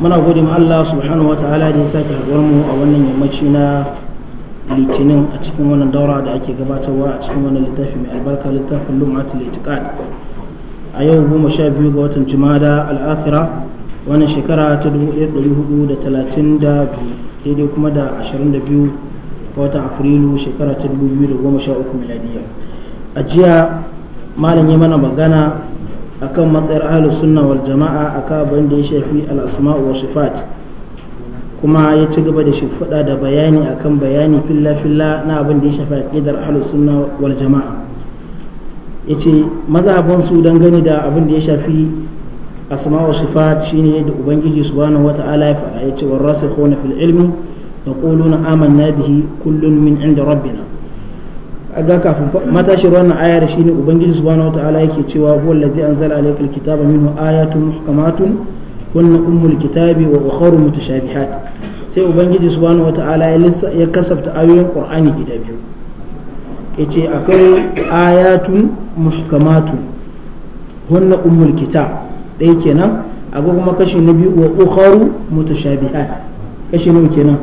muna gode ma Allah subhanahu wa ta'ala da ya sake haɗuwar mu a wannan yammaci na litinin a cikin wannan daura da ake gabatarwa a cikin wannan littafi mai albarka littafin lumatul itiqad a yau goma sha biyu ga watan jumada al'akhira wannan shekara ta 1432 daidai kuma da 22 ga watan afrilu shekara ta 2013 miladiya a jiya malam yi mana magana akan matsayar ahlus sunna wal jama'a akan abin da ya shafi al'asma'u wa sifat kuma ya ci gaba da shimfiɗa da bayani akan bayani filla-filla na abin da ya shafi aqidar ahlus sunna wal jama'a yace mazhabin su dangane da abin da ya shafi asma wa sifat shine da ubangiji subhanahu ala ya faɗa yace warasikhuna fil ilmi yaquluna amanna bihi kullun min inda rabbina aga kafin matashi wannan ayar shine ubangiji subhanahu wataala yake cewa huwa allazi anzala alaykal kitaba minhu ayatun muhkamatun kunna ummul kitabi wa ukhra mutashabihat sai ubangiji subhanahu wataala ya kasafta ayoyin qur'ani gida biyu yace akwai ayatun muhkamatun hunna ummul kitab dai kenan akwai kuma kashi na biyu wa ukhra mutashabihat kashi nawa kenan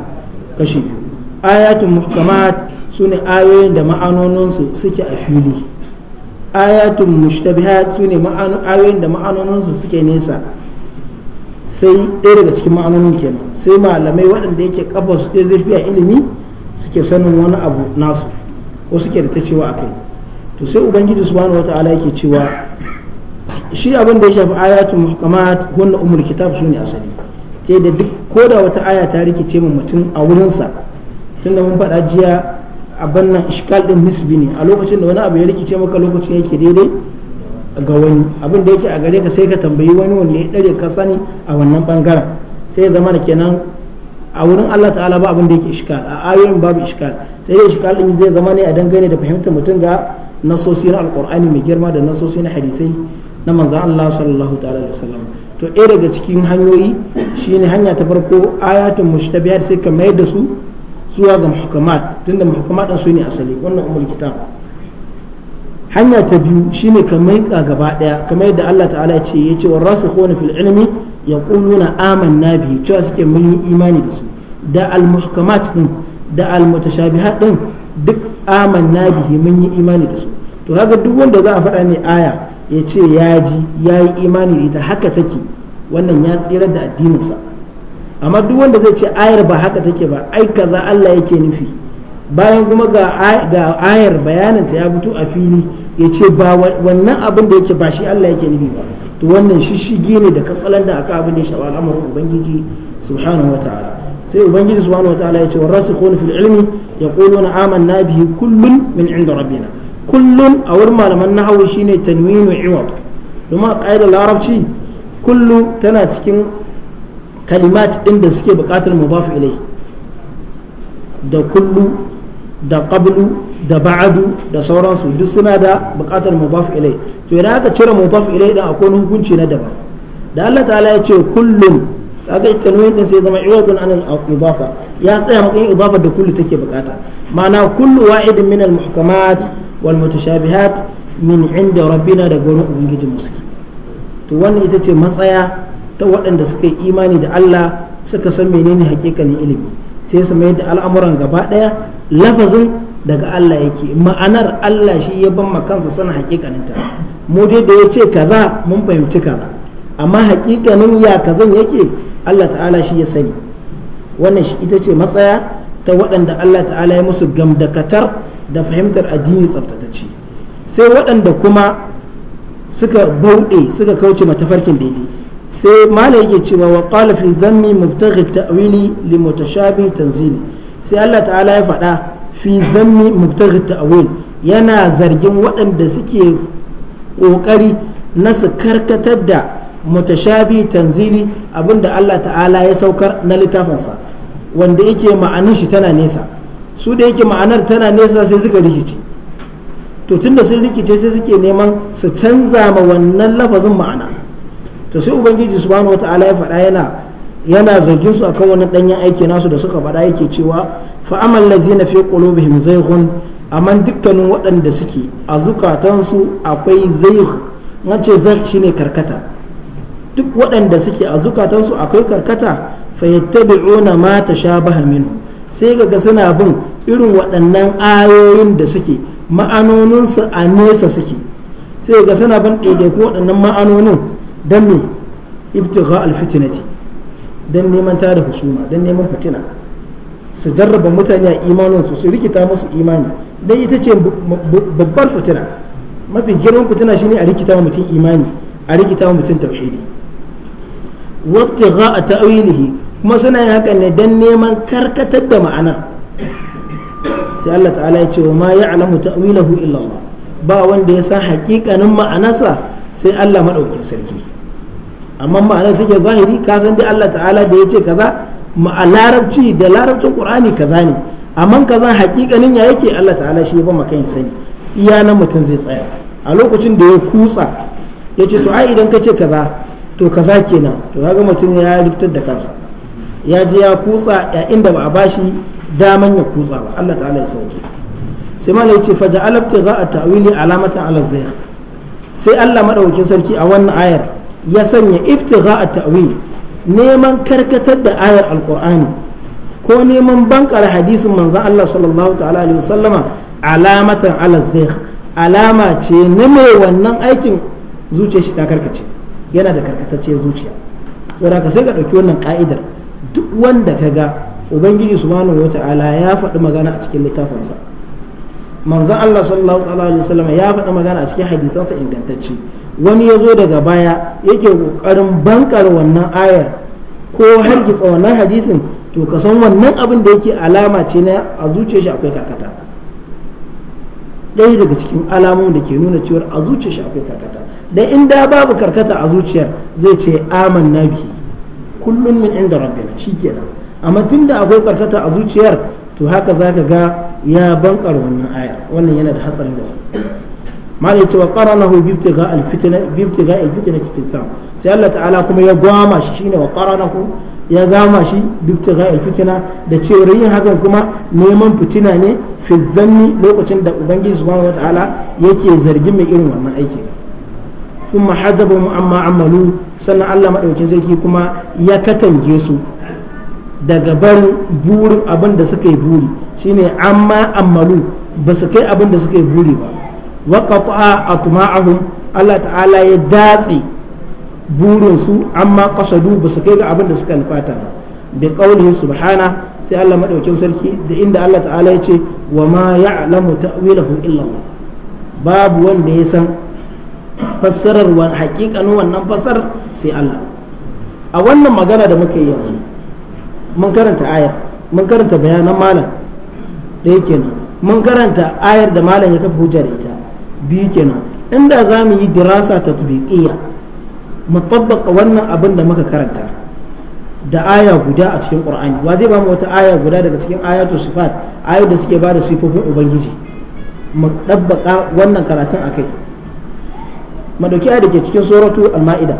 kashi biyu ayatun muhkamat su ne ayoyin da ma'anoninsu suke a fili ayatun mushtabihat su ne ayoyin da ma'anoninsu suke nesa sai ɗaya daga cikin ma'anonin kenan sai malamai waɗanda yake kafa su ta zurfi a ilimi suke sanin wani abu nasu ko suke da ta cewa a kai to sai ubangiji subhanahu ala yake cewa shi abin da ya shafi ayatun muhkamat wannan umul kitab su ne asali ta da duk ko da wata aya ta rikice mu mutum a wurinsa tunda mun faɗa jiya abin nan iskal din nisbi ne a lokacin da wani abu ya rikice maka lokacin yake daidai ga wani abin da yake a gare ka sai ka tambayi wani wanda ya dare ka sani a wannan bangaren sai ya zama da kenan a wurin Allah ta'ala ba abin da yake iskal a ayoyin babu iskal sai dai iskal din zai zama ne a dangane da fahimtar mutum ga nasosi na alkur'ani mai girma da nasosi na hadisai na manzon Allah sallallahu ta'ala alaihi wasallam to ɗaya daga cikin hanyoyi shine hanya ta farko ayatun mushtabihat sai ka mayar da su zuwa ga muhakamat tunda muhakamat su ne asali wannan umar kitab hanya ta biyu shine ka maika gaba daya kamar yadda Allah ta'ala ya ce yace wa rasikhuna fil ilmi yaquluna amanna bihi cewa suke mun yi imani da su da al muhakamat din da al mutashabihat din duk amanna bihi mun yi imani da su to haka duk wanda za a faɗa mai aya ya ce ya ji yi imani da ita haka take wannan ya tsirar da addininsa amma duk wanda zai ce ayar ba haka take ba ai kaza Allah yake nufi bayan kuma ga ayar bayanin ta ya fito a fili ya ce ba wannan abin da yake ba shi Allah yake nufi ba to wannan shishige ne da katsalan da aka abin da ya shafa al'amarin ubangiji subhanahu wataala sai ubangiji subhanahu wataala ya ce warasikhun fil ilmi na amanna bihi kullun min inda rabbina kullun a wurin malaman nahawu shine tanwinu iwad domin a larabci kullu tana cikin kalimat ɗin da suke buƙatar mudaf ilai da kullu da qablu da ba'adu da sauransu duk suna da buƙatar mudaf ilai to idan aka cire mudaf ilai din akwai hukunci na daban da Allah ta'ala ya ce kullun kaga tanwin din sai zama iwadun anil idafa ya tsaya matsayin idafa da kullu take bukata ma'ana kullu wa'idin min al muhkamat wal mutashabihat min inda rabbina da gurin ubangijin musu to wannan ita ce matsaya ta waɗanda suka yi imani da Allah suka san menene hakikanin ilimi sai su mai da al'amuran gaba ɗaya lafazin daga Allah yake ma'anar Allah shi ya ban ma kansa sana ta mu dai da ya ce kaza mun fahimci kaza amma hakikanin ya kazan yake Allah ta'ala shi ya sani wannan shi ita ce matsaya ta waɗanda Allah ta'ala ya musu gamdakatar da fahimtar addini tsaftatacce sai waɗanda kuma suka bauɗe suka kauce matafarkin daidai sai malai yake cewa wa qala fi dhammi mubtaghi ta'wili li mutashabi tanzili sai Allah ta'ala ya faɗa fi dhammi mubtaghi ta'wil yana zargin waɗanda suke ƙoƙari na su karkatar da mutashabi tanzili abinda Allah ta'ala ya saukar na littafinsa wanda yake ma'anin shi tana nesa su da yake ma'anar tana nesa sai suka rikice to tunda sun rikice sai suke neman su canza ma wannan lafazin ma'ana to sai ubangiji subhanahu wataala ya faɗa yana yana zargin su akan wani danyen aiki nasu da suka faɗa yake cewa fa amal ladzina fi qulubihim zayghun amma dukkanin waɗanda suke a zukatansu akwai zaygh nan ce shine karkata duk waɗanda suke a zukatansu akwai karkata fayattabi'una ma tashabaha minhu sai ga suna bin irin waɗannan ayoyin da suke ma'anoninsu a nesa suke sai ga suna bin ɗaiɗaiku waɗannan ma'anonin dan me ibtigha alfitnati dan neman da husuma dan neman fitina su jarraba mutane a imanin su su rikita musu imani dan ita ce babbar fitina mafi girman fitina shine a rikita wa mutum imani a rikita wa mutum tauhidi wabtigha ta'wilihi kuma suna yin hakan ne dan neman karkatar da ma'ana sai Allah ta'ala ya ce wa ma ya'lamu ta'wilahu illa Allah ba wanda ya san hakikanin ma'anarsa sai Allah madaukakin sarki amma ma'anar take zahiri ka san dai Allah ta'ala da ya ce kaza ma larabci da larabcin qur'ani kaza ne amma kaza hakikanin ya yake Allah ta'ala shi ba makan sani iya nan mutum zai tsaya a lokacin da ya kutsa ya ce to ai idan ka ce kaza to kaza kenan to kaga mutum ya riftar da kansa ya je ya kusa ya inda ba a bashi daman ya kutsa ba Allah ta'ala ya sauke sai malai ya ce fa ja'alabta za a ta'wili alamatan ala sai Allah madaukakin sarki a wannan ayar ya sanya iftigha a ta'wil neman karkatar da ayar alkur'ani ko neman bankar hadisin manzan Allah sallallahu ta'ala alaihi wasallama alamatan ala alama ce na mai wannan aikin zuciya shi ta karkace yana da karkatacce zuciya saboda ka sai ka ɗauki wannan ka'idar duk wanda ka ga ubangiji subhanahu wata'ala ya faɗi magana a cikin littafinsa manzan Allah sallallahu ta'ala alaihi wasallama ya faɗi magana a cikin hadisansa ingantacce wani ya zo daga baya yake kokarin bankar wannan ayar ko hargitsa wannan hadisin to ka san wannan abin da yake alama ce na a zuciya shi akwai karkata ɗaya daga cikin alamomin da ke nuna cewar a zuciya shi akwai karkata da in da babu karkata a zuciyar zai ce aman nabi kullum min inda rabbina shikenan amma tun da akwai karkata a zuciyar to haka zaka ga ya bankar wannan ayar wannan yana da hatsarin gaske ما ليت وقرنه بابتغاء الفتنة بابتغاء الفتنة في الثام سأل الله تعالى كما يقام شين وقرنه ya gama shi duk ta da cewa yin hakan kuma neman fitina ne fi zanni lokacin da ubangiji subhanahu ta'ala yake zargin mai irin wannan aiki sun mahadaba mu amma amalu sannan allah maɗaukin sarki kuma ya katange su daga bar burin abin da suka yi buri shine amma amalu ba su kai abin da suka yi buri ba wa qata'a atma'ahum Allah ta'ala ya datse burinsu amma kasadu ba su kai ga abin da suka nufata ba bi qaulihi subhana sai Allah madaukin sarki da inda Allah ta'ala ya ce wa ma ya'lamu ta'wilahu illa Allah babu wanda ya san fassarar wa hakikanin wannan fassar sai Allah a wannan magana da muka yi yanzu mun karanta ayar mun karanta bayanan malam da yake nan mun karanta ayar da malam ya kafa hujjar ita biyu kenan inda za mu yi dirasa tatbiqiyya mu tabbaka wannan abin da muka karanta da aya guda a cikin qur'ani wa zai ba mu wata aya guda daga cikin ayatu sifat ayu da suke ba da sifofin ubangiji mu tabbaka wannan karatun akai mu dauki aya da ke cikin suratu al-ma'ida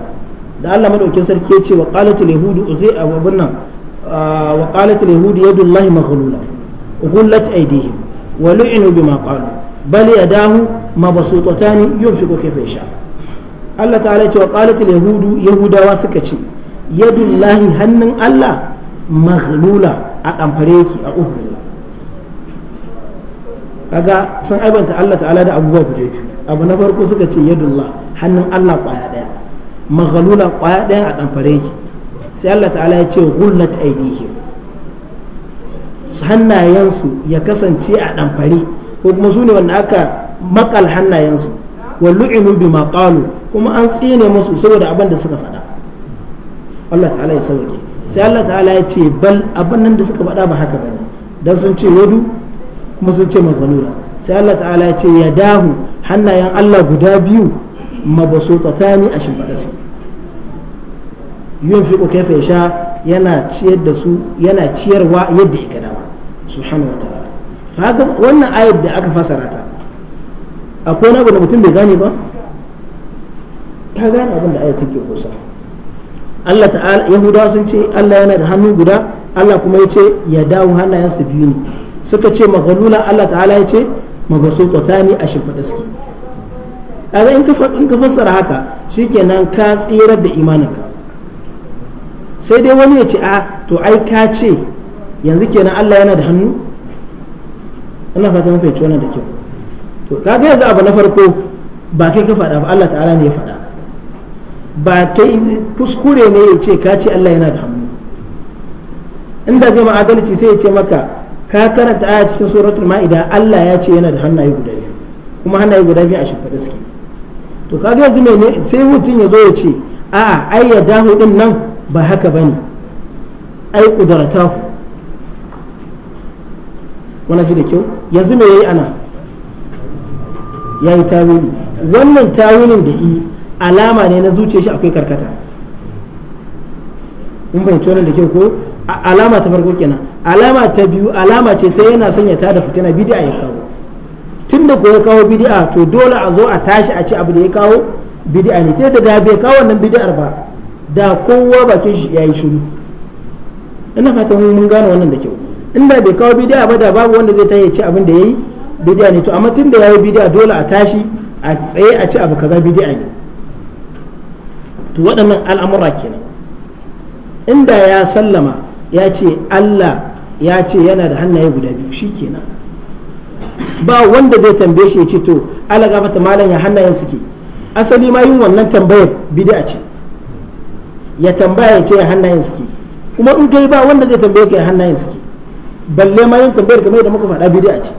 da Allah madaukin sarki ya ce wa qalatul yahudu uzai abun nan wa qalatul yahudu yadullahi maghlula ghullat aydihim wa lu'inu bima qalu bal yadahu mabasutatani yunfiqu kayfa yasha Allah ta'ala ya ce wa qalat al yahudu yahudawa suka ce yadullahi hannun Allah maghlula a damfare yake a uzbillah kaga sun aibanta Allah ta'ala da abubuwa guda biyu abu na farko suka ce yadullah hannun Allah kwaya daya maghlula kwaya daya a damfare yake sai Allah ta'ala ya ce ghullat aydihim hannayensu ya kasance a damfare ko kuma su ne wanda aka makal hannayensu wallu inu bi maƙalu kuma an tsine musu saboda abin da suka faɗa Allah ta'ala ya sauke sai Allah ta'ala ya ce bal abin nan da suka faɗa ba haka bane dan sun ce yadu kuma sun ce maghlula sai Allah ta'ala ya ce yadahu hannayen Allah guda biyu mabasutatani a shimfiɗa su yun fiƙo kaifa ya sha yana ciyar da su yana ciyarwa yadda ya ga dama subhanahu wataala haka wannan ayat da aka fasara ta akwai na da mutum bai gane ba ta gane abin da ayat ke kusa Allah ta'ala Yahudawa sun ce Allah yana da hannu guda Allah kuma ya ce ya dawo hannayensa biyu ne suka ce maghalula Allah ta'ala ya ce ne a shimfiɗa suke kaga in ka in ka fassara haka shikenan ka tsirar da imaninka sai dai wani ya ce a to ai ka ce yanzu kenan Allah yana da hannu ina fata mafi wannan da kyau to kaga yanzu abu na farko ba kai ka faɗa ba Allah ta'ala ne ya faɗa ba kai kuskure ne ya ce ka ce Allah yana da hannu inda zai ma'adalci sai ya ce maka ka karanta aya cikin suratul ma'ida Allah ya ce yana da hannaye guda biyu kuma hannaye guda biyu a shimfiɗa suke to kaga yanzu me ne sai mutum ya zo ya ce a'a ai ya dahu din nan ba haka bane ai kudarata wannan ji da kyau yanzu me yayi ana ya yi tawili wannan tawilin da i alama ne na zuciya shi akwai karkata in fahimci wannan da kyau ko alama ta farko kenan alama ta biyu alama ce ta yana son ya da fitina bid'a ya kawo tun da ko ya kawo bid'a to dole a zo a tashi a ci abu da ya kawo bid'a ne ta da bai kawo wannan bid'ar ba da kowa bakin shi yayi shiru ina fatan mun gane wannan da kyau inda bai kawo bid'a ba da babu wanda zai ta yi ci abin da yayi bidiya ne to amma tun da yi bidiya dole a tashi a tsaye a ci abu kaza bidiya ne to waɗannan al'amura kenan inda ya sallama ya ce Allah ya ce yana da hannaye guda biyu shi kenan ba wanda zai tambaye shi ya ce to ala gafata malam ya hannayen suke asali ma yin wannan tambayar bid'a ce ya tambaya ya ce ya hannayen suke kuma in kai ba wanda zai tambaye ka ya hannayen suke balle ma yin tambayar kamar da muka faɗa bid'a ce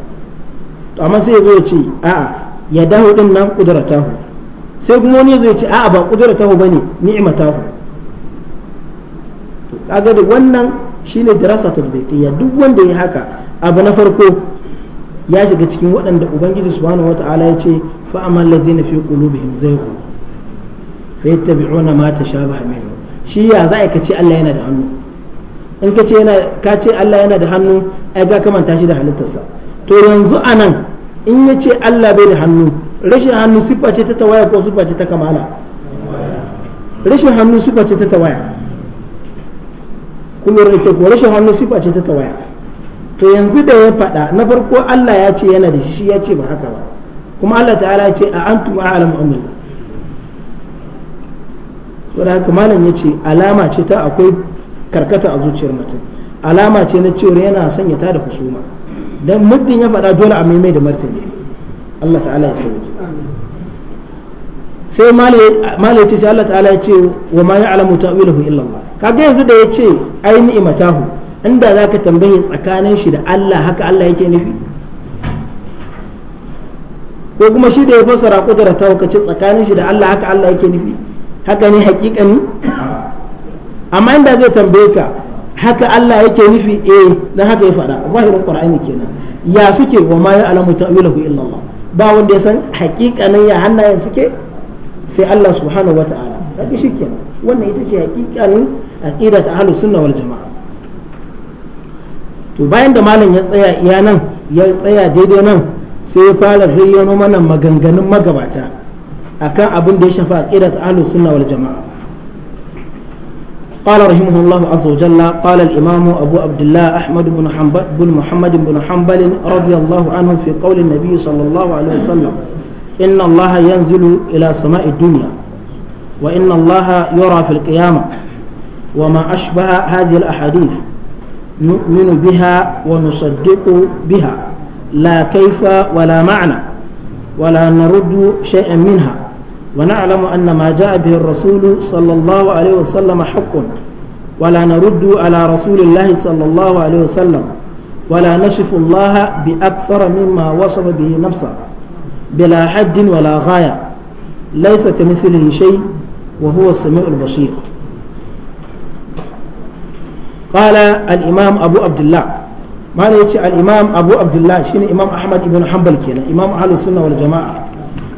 to amma sai ya ya ce a'a ya dawo din nan kudratahu sai kuma wani ya zo ya ce a'a ba kudratahu bane ni'matahu to kaga da wannan shine dirasatul biqiyya duk wanda ya haka abu na farko ya shiga cikin waɗanda ubangiji subhanahu wata'ala ya ce fa amal ladzina fi qulubihim zayghun fa yattabi'una ma tashabaha minhu shi ya za ka ce Allah yana da hannu in ka ce yana ka ce Allah yana da hannu ai ga kamanta shi da halittarsa to yanzu anan in ya ce Allah bai da hannu rashin hannu siffa ce ta tawaya ko siffa ce ta kamala rashin hannu siffa ce ta tawaya kullum da ke ko rashin hannu siffa ce ta tawaya to yanzu da ya faɗa na farko Allah ya ce yana da shi shi ya ce ba haka ba kuma Allah ta'ala ya ce a antum a'lamu amillah saboda haka malam ya ce alama ce ta akwai karkata a zuciyar mutum alama ce na cewar yana sanya ta da kusuma. dan muddin ya faɗa dole a maimai da martani Allah ta'ala ya sauke sai malai ce sai Allah ta'ala ya ce wa ma ya'lamu ta'wilahu illa Allah kaga yanzu da ya ce ai imatahu inda zaka tambaye tsakanin shi da Allah haka Allah yake nufi ko kuma shi da ya fassara kudura ta hukace tsakanin shi da Allah haka Allah yake nufi haka ne hakikani amma inda zai tambaye ka haka Allah yake nufi eh na haka ya faɗa zahirin qur'ani kenan ya suke wa ma ya'lamu ta'wilahu illa Allah ba wanda ya san hakikanin ya hannayen suke sai Allah subhanahu ta'ala haka shikenan wannan ita ce hakikanin aqidat ahlus sunna wal jamaa to bayan da malam ya tsaya iya nan ya tsaya daidai nan sai ya fara zayyano mana maganganun magabata akan abin da ya shafa aqidat ahlus sunna wal jamaa قال رحمه الله عز وجل قال الإمام أبو عبد الله أحمد بن, حنبل بن محمد بن حنبل رضي الله عنه في قول النبي صلى الله عليه وسلم إن الله ينزل إلى سماء الدنيا وإن الله يرى في القيامة وما أشبه هذه الأحاديث نؤمن بها ونصدق بها لا كيف ولا معنى ولا نرد شيئا منها ونعلم أن ما جاء به الرسول صلى الله عليه وسلم حق ولا نرد على رسول الله صلى الله عليه وسلم ولا نشف الله بأكثر مما وصف به نفسه بلا حد ولا غاية ليس كمثله شيء وهو السميع البصير قال الإمام أبو عبد الله ما الإمام أبو عبد الله شين إمام أحمد بن حنبل كينا إمام أهل السنة والجماعة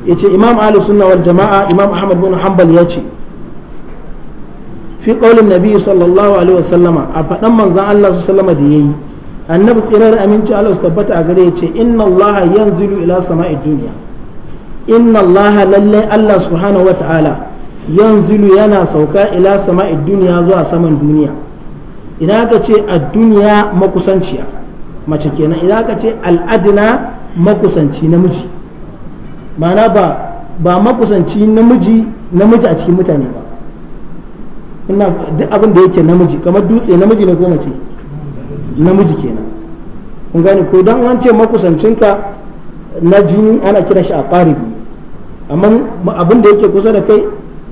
yace imam ahlus sunna wal jamaa imam ahmad bin hanbal yace fi qaulin nabi sallallahu alaihi a fadan manzon Allah sallallahu da yayi annabi tsirar aminci Allah su tabbata a gare yace inna Allah yanzilu ila sama'i dunya inna Allah lalle Allah subhanahu wataala yanzilu yana sauka ila sama'i dunya zuwa saman duniya ina kace ce a duniya makusanciya mace kenan ina kace ce al'adina makusanci namiji ma'ana ba ba makusanci namiji namiji a cikin mutane ba ina duk abin da yake namiji kamar dutse namiji ne ko mace namiji kenan kun gani ko dan an ce makusancinka na jini ana kiran shi a qaribi amma abin da yake kusa da kai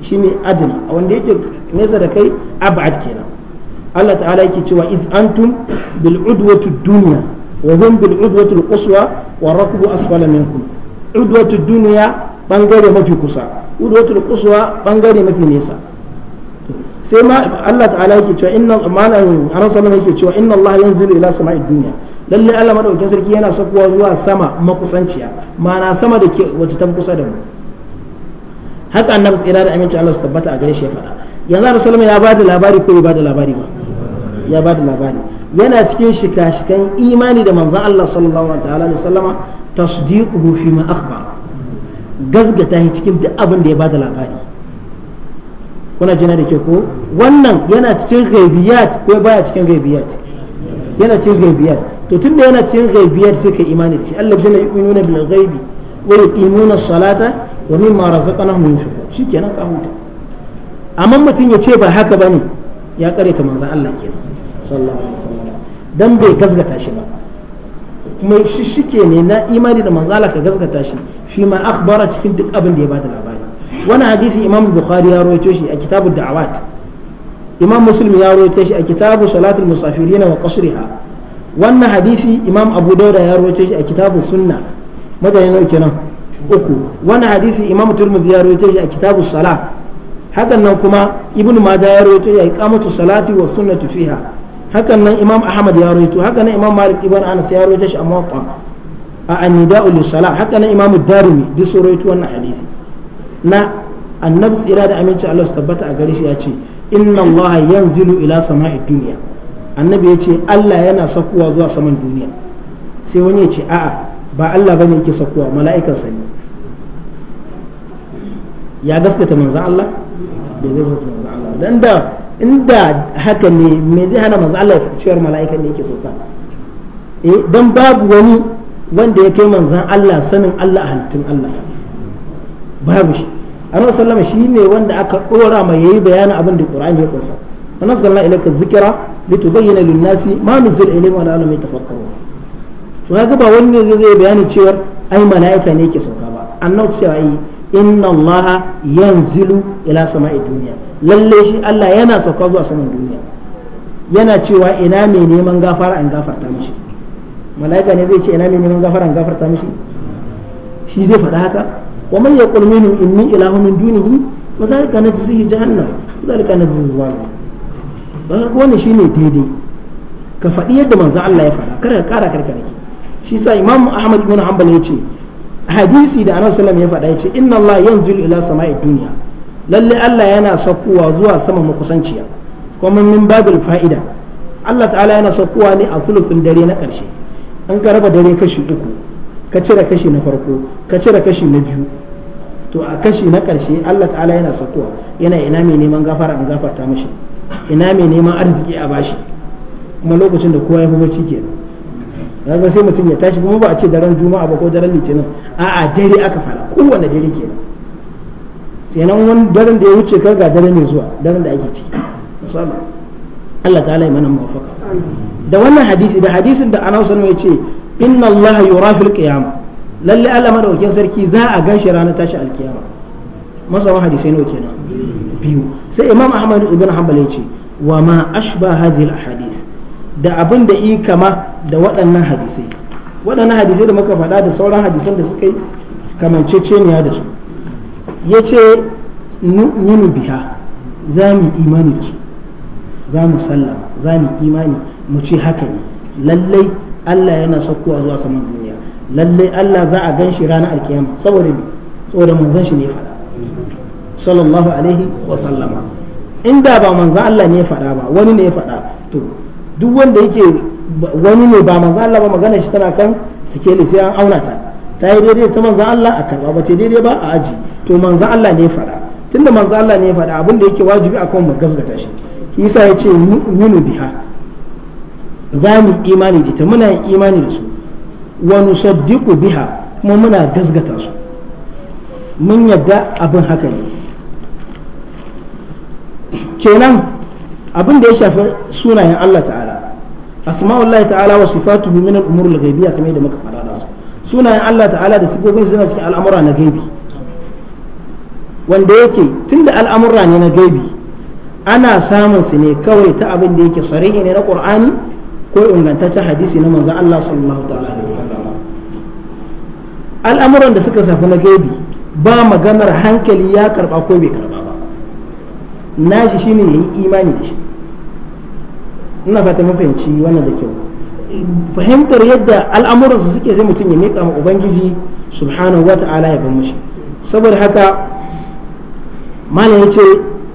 shine adna wanda yake nesa da kai ab'ad kenan Allah ta'ala yake cewa iz antum bil udwati dunya wa hum bil udwati al quswa wa rakbu asfala minkum udwatu duniya bangare mafi kusa udwatu kuswa bangare mafi nesa sai ma Allah ta'ala yake cewa inna malam aran sallama yake cewa inna Allah yanzilu ila sama'id dunya lalle Allah madaukakin sarki yana sakuwa zuwa sama makusanciya ma'ana sama da ke wacce ta kusa da mu haka annabi tsira da aminci Allah su tabbata a gare shi ya faɗa yanzu annabi sallama ya bada labari ko bai bada labari ba ya bada labari yana cikin shika-shikan imani da manzan Allah sallallahu alaihi tasdiquhu fi ma akhbar gazgata shi cikin duk abin da ya bada labari kuna jina da ke ko wannan yana cikin ghaibiyat ko baya cikin ghaibiyat yana cikin ghaibiyat to tunda yana cikin ghaibiyat sai kai imani da shi Allah jina yu'minuna bil ghaibi wa yuqimuna salata wa mimma razaqnahum yunfiqun shikenan ka huta amma mutum ya ce ba haka bane ya kare ta manzon Allah kenan sallallahu alaihi wasallam dan bai gazgata shi ba mai shishike ne na imani da manzala ka gaskata shi fi ma akhbara cikin duk abin da ya bada labari wannan hadisi imam bukhari ya rawaito shi a kitabud da'awat imam muslim ya rawaito shi a kitabu salatul musafirin wa qasriha wannan hadisi imam abu dauda ya rawaito shi a kitabu sunna madani nau kenan uku wannan hadisi imam turmudi ya rawaito shi a kitabu salah hakan nan kuma ibnu majah ya rawaito shi a iqamatu salati wa sunnatu fiha hakan nan imam ahmad ya rawaito hakan nan imam malik ibn anas ya rawaito shi a muwatta a annida'u lis-salah nan imam darimi duk sun rawaito wannan hadisi na annabi tsira da aminci Allah su tabbata a gare shi ya ce inna Allah yanzilu ila samai duniya annabi ya ce Allah yana sakuwa zuwa saman duniya sai wani ya ce a'a ba Allah bane yake sakuwa mala'ikan sa ne ya gaskata manzon Allah bai gaskata manzon Allah dan da inda haka ne me zai hana manzo Allah cewar mala'ika ne yake sauka eh dan babu wani wanda ya kai manzon Allah sanin Allah halittun Allah babu shi annabi sallama shine wanda aka dora ma yayi bayanin abin da Qur'ani ya kunsa wa nazzalna ilayka dhikra litubayyana lin-nasi ma nuzila ilayhim wa la'allahum yatafakkarun to kaga ba wani ne zai bayani cewar ai mala'ika ne yake sauka ba annabi cewa yi inna allaha yanzilu ila sama'i duniya lalle shi Allah yana sauka zuwa saman duniya yana cewa ina mai neman gafara an gafarta mishi mala'ika ne zai ce ina mai neman gafara an gafarta mishi shi zai faɗa haka wa man yaqul minhum inni ilahu min dunihi wa zalika najzihi jahannam wa zalika najzihi zalim ba ga wannan shine daidai ka faɗi yadda manzo Allah ya faɗa kar ka ƙara karkare ki shi sa imam ahmad ibn hanbal ya ce hadisi da annabi sallallahu alaihi wasallam ya faɗa ya ce inna Allah yanzilu ila sama'i dunya lalle Allah yana sakuwa zuwa sama makusanciya kuma min babil fa'ida Allah ta'ala yana sakuwa ne a sulufin dare na ƙarshe an ka raba dare kashi uku ka cire kashi na farko ka cire kashi na biyu to a kashi na ƙarshe Allah ta'ala yana sakuwa yana ina mai neman gafara an gafarta mashi ina mai neman arziki a bashi kuma lokacin da kowa ya fi bacci kenan ga sai mutum ya tashi kuma ba a ce daren juma'a ba ko daren litinin a'a dare aka fara kowane dare kenan kenan wani daren da ya wuce kar ga dare mai zuwa daren da ake ciki musamman Allah ta ya mana muwafaka da wannan hadisi da hadisin da Anas ya ce inna Allah yura fil lalle Allah madaukakin sarki za a ganshi ranar tashi alkiyama masa wa hadisai nawa kenan biyu sai Imam Ahmad ibn Hanbal ya ce wa ma ashba hadhihi al da abin da i kama da waɗannan hadisai waɗannan hadisai da muka faɗa da sauran hadisan da suka yi kamanceceniya da su ya ce nunu biha za mu imani da su za mu sallama za mu imani mu ce haka ne lallai Allah yana saukowa zuwa saman duniya lallai Allah za a gan shi ranar alkiyama saboda me saboda manzan shi ne ya faɗa sallallahu alaihi wa sallama inda ba manzan Allah ne ya faɗa ba wani ne ya faɗa to duk wanda yake wani ne ba manzan Allah ba magana shi tana kan sikeli sai an auna ta ta yi daidai ta manzan Allah a karba ba ta daidai ba a aji to manzan Allah ne faɗa tunda manzan Allah ne faɗa abin da yake wajibi a mu gasgata shi isa ya ce minu biha za mu imani da ita muna imani da su wani saddiku biha kuma muna gasgata su mun yadda abin haka ne kenan abin da ya shafi sunayen Allah ta'ala asma'ullahi ta'ala wa sifatuhu min al-umur al kamar yadda muka fara. sunayen Allah ta'ala da sifofin suna cikin al'amura na gaibi wanda yake tunda al'amura ne na gaibi ana samun su ne kawai ta abin da yake sarihi ne na qur'ani ko ingantaccen hadisi na manzon Allah sallallahu ta'ala da wasallam al'amuran da suka safi na gaibi ba maganar hankali ya karba ko bai karba ba nashi shine yayi imani da shi ina fata mun wannan da kyau fahimtar yadda al'amuransa suke zai mutum ya miƙa ma ubangiji subhanahu wa ta'ala ya mashi saboda haka malam ya ce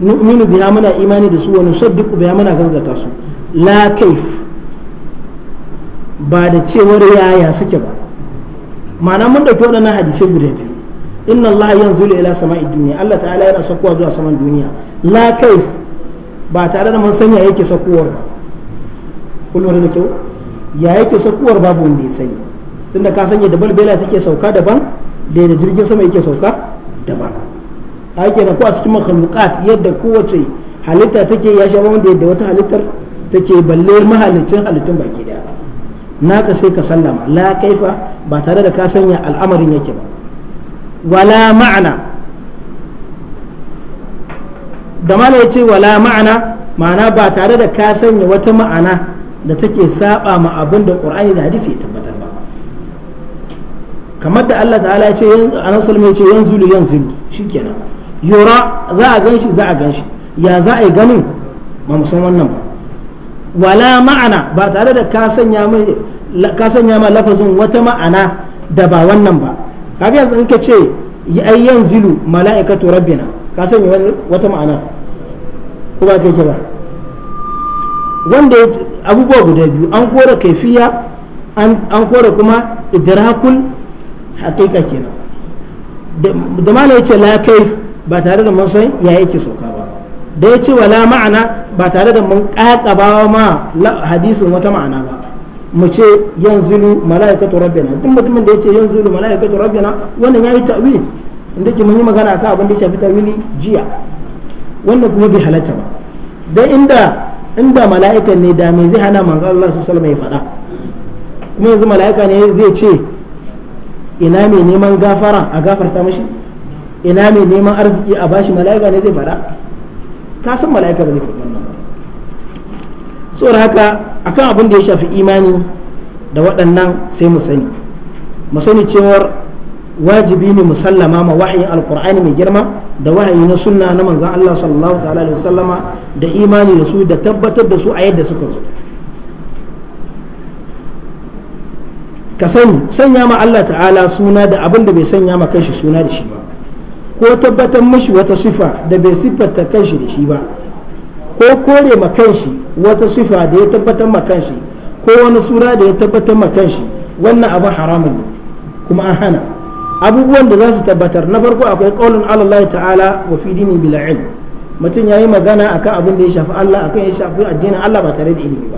nu'minu biya muna imani da su wani saddiku biya muna gasgata su la kaif ba da cewar yaya suke ba ma'ana mun dauki waɗannan hadisai guda biyu inna Allah yanzu ila sama'i duniya Allah ta'ala yana sakuwa zuwa saman duniya la kaif ba tare da mun sanya yake sakuwar ba kullum da kyau ya yake saukuwar babu wanda ya sani tunda ka sanya da balbela take sauka daban da yadda jirgin sama yake sauka daban a yake ko a cikin makhluqat yadda kowace halitta take ya sha wanda yadda wata halittar take balle mahalicin halittun baki daya naka sai ka sallama la kaifa ba tare da ka sanya al'amarin yake ba wala ma'ana da mala ya ce wala ma'ana ma'ana ba tare da ka sanya wata ma'ana da take saba ma abin da qur'ani da hadisi ya tabbatar ba kamar da Allah ta'ala ya ce yanzu anan sulma ya ce yanzu li yanzu shikenan yura za a ganshi za a ganshi ya za a yi ganin ba mu san wannan ba wala ma'ana ba tare da ka sanya mai ka sanya ma lafazin wata ma'ana da ba wannan ba kaga yanzu in ka ce ai yanzu mala'ikatu rabbina ka sanya wata ma'ana ko ba kai ba wanda ya abubuwa guda biyu an kora kaifiya an kora kuma idrakul haƙiƙa kenan da mana yace la kaif ba tare da mun san ya yake sauka ba da ya ce wala ma'ana ba tare da mun ba ma hadisin wata ma'ana ba mu ce yanzulu mala'ikatu rabbina duk mutumin da ya ce yanzulu mala'ikatu rabbina wannan yayi ta'wil inda ke mun yi magana akan abin da ya shafi ta'wili jiya wannan kuma bai halatta ba dan inda inda mala'ikan ne da me zai hana manzo Allah su alaihi ya faɗa kuma yanzu mala'ika ne zai ce ina mai neman gafara a gafarta mashi ina mai neman arziki a bashi mala'ika ne zai faɗa ka san mala'ika zai faɗi wannan haka akan abin da ya shafi imani da waɗannan sai mu sani mu sani cewar wajibi ne musallama ma wahayin alkur'ani mai girma da wahayi na sunna na manzan Allah sallallahu ta'ala da imani da su da tabbatar da su a yadda suka zo ka sani sanya ma Allah ta'ala suna da abin da bai sanya ma kanshi suna da shi ba ko tabbatar mashi wata sifa da bai siffata kanshi da shi ba ko kore ma kanshi wata sifa da ya tabbatar ma kanshi ko wani sura da ya tabbatar ma kanshi wannan abin haramun ne kuma an hana abubuwan da za su tabbatar na farko akwai qaulun Allah ta'ala wa fi dini bila ilm mutum ya yi magana a kan abin da ya shafi Allah a kan ya shafi addinin Allah ba tare da ilimi ba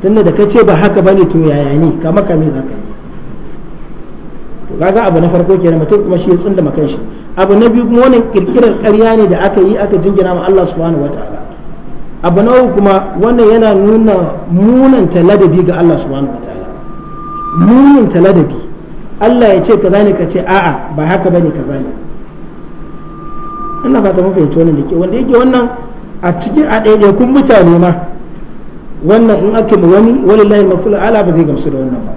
tunda da ka ce ba haka ne to yaya ne kama kame ka yi to kaga abu na farko kenan mutum kuma shi ya tsinda makan shi abu na biyu kuma wannan kirkirar ƙarya ne da aka yi aka jingina ma Allah subhanahu wataala abu na uku kuma wannan yana nuna munanta ladabi ga Allah subhanahu wataala munanta ladabi Allah ya ce ka zane ka ce a'a ba haka bane ka zane ina fata mafi tonin da ke wanda yake wannan a cikin a ɗaiɗaya kun mutane ma wannan in ake ma wani wani walillahi mafulu ala ba zai gamsu da wannan ba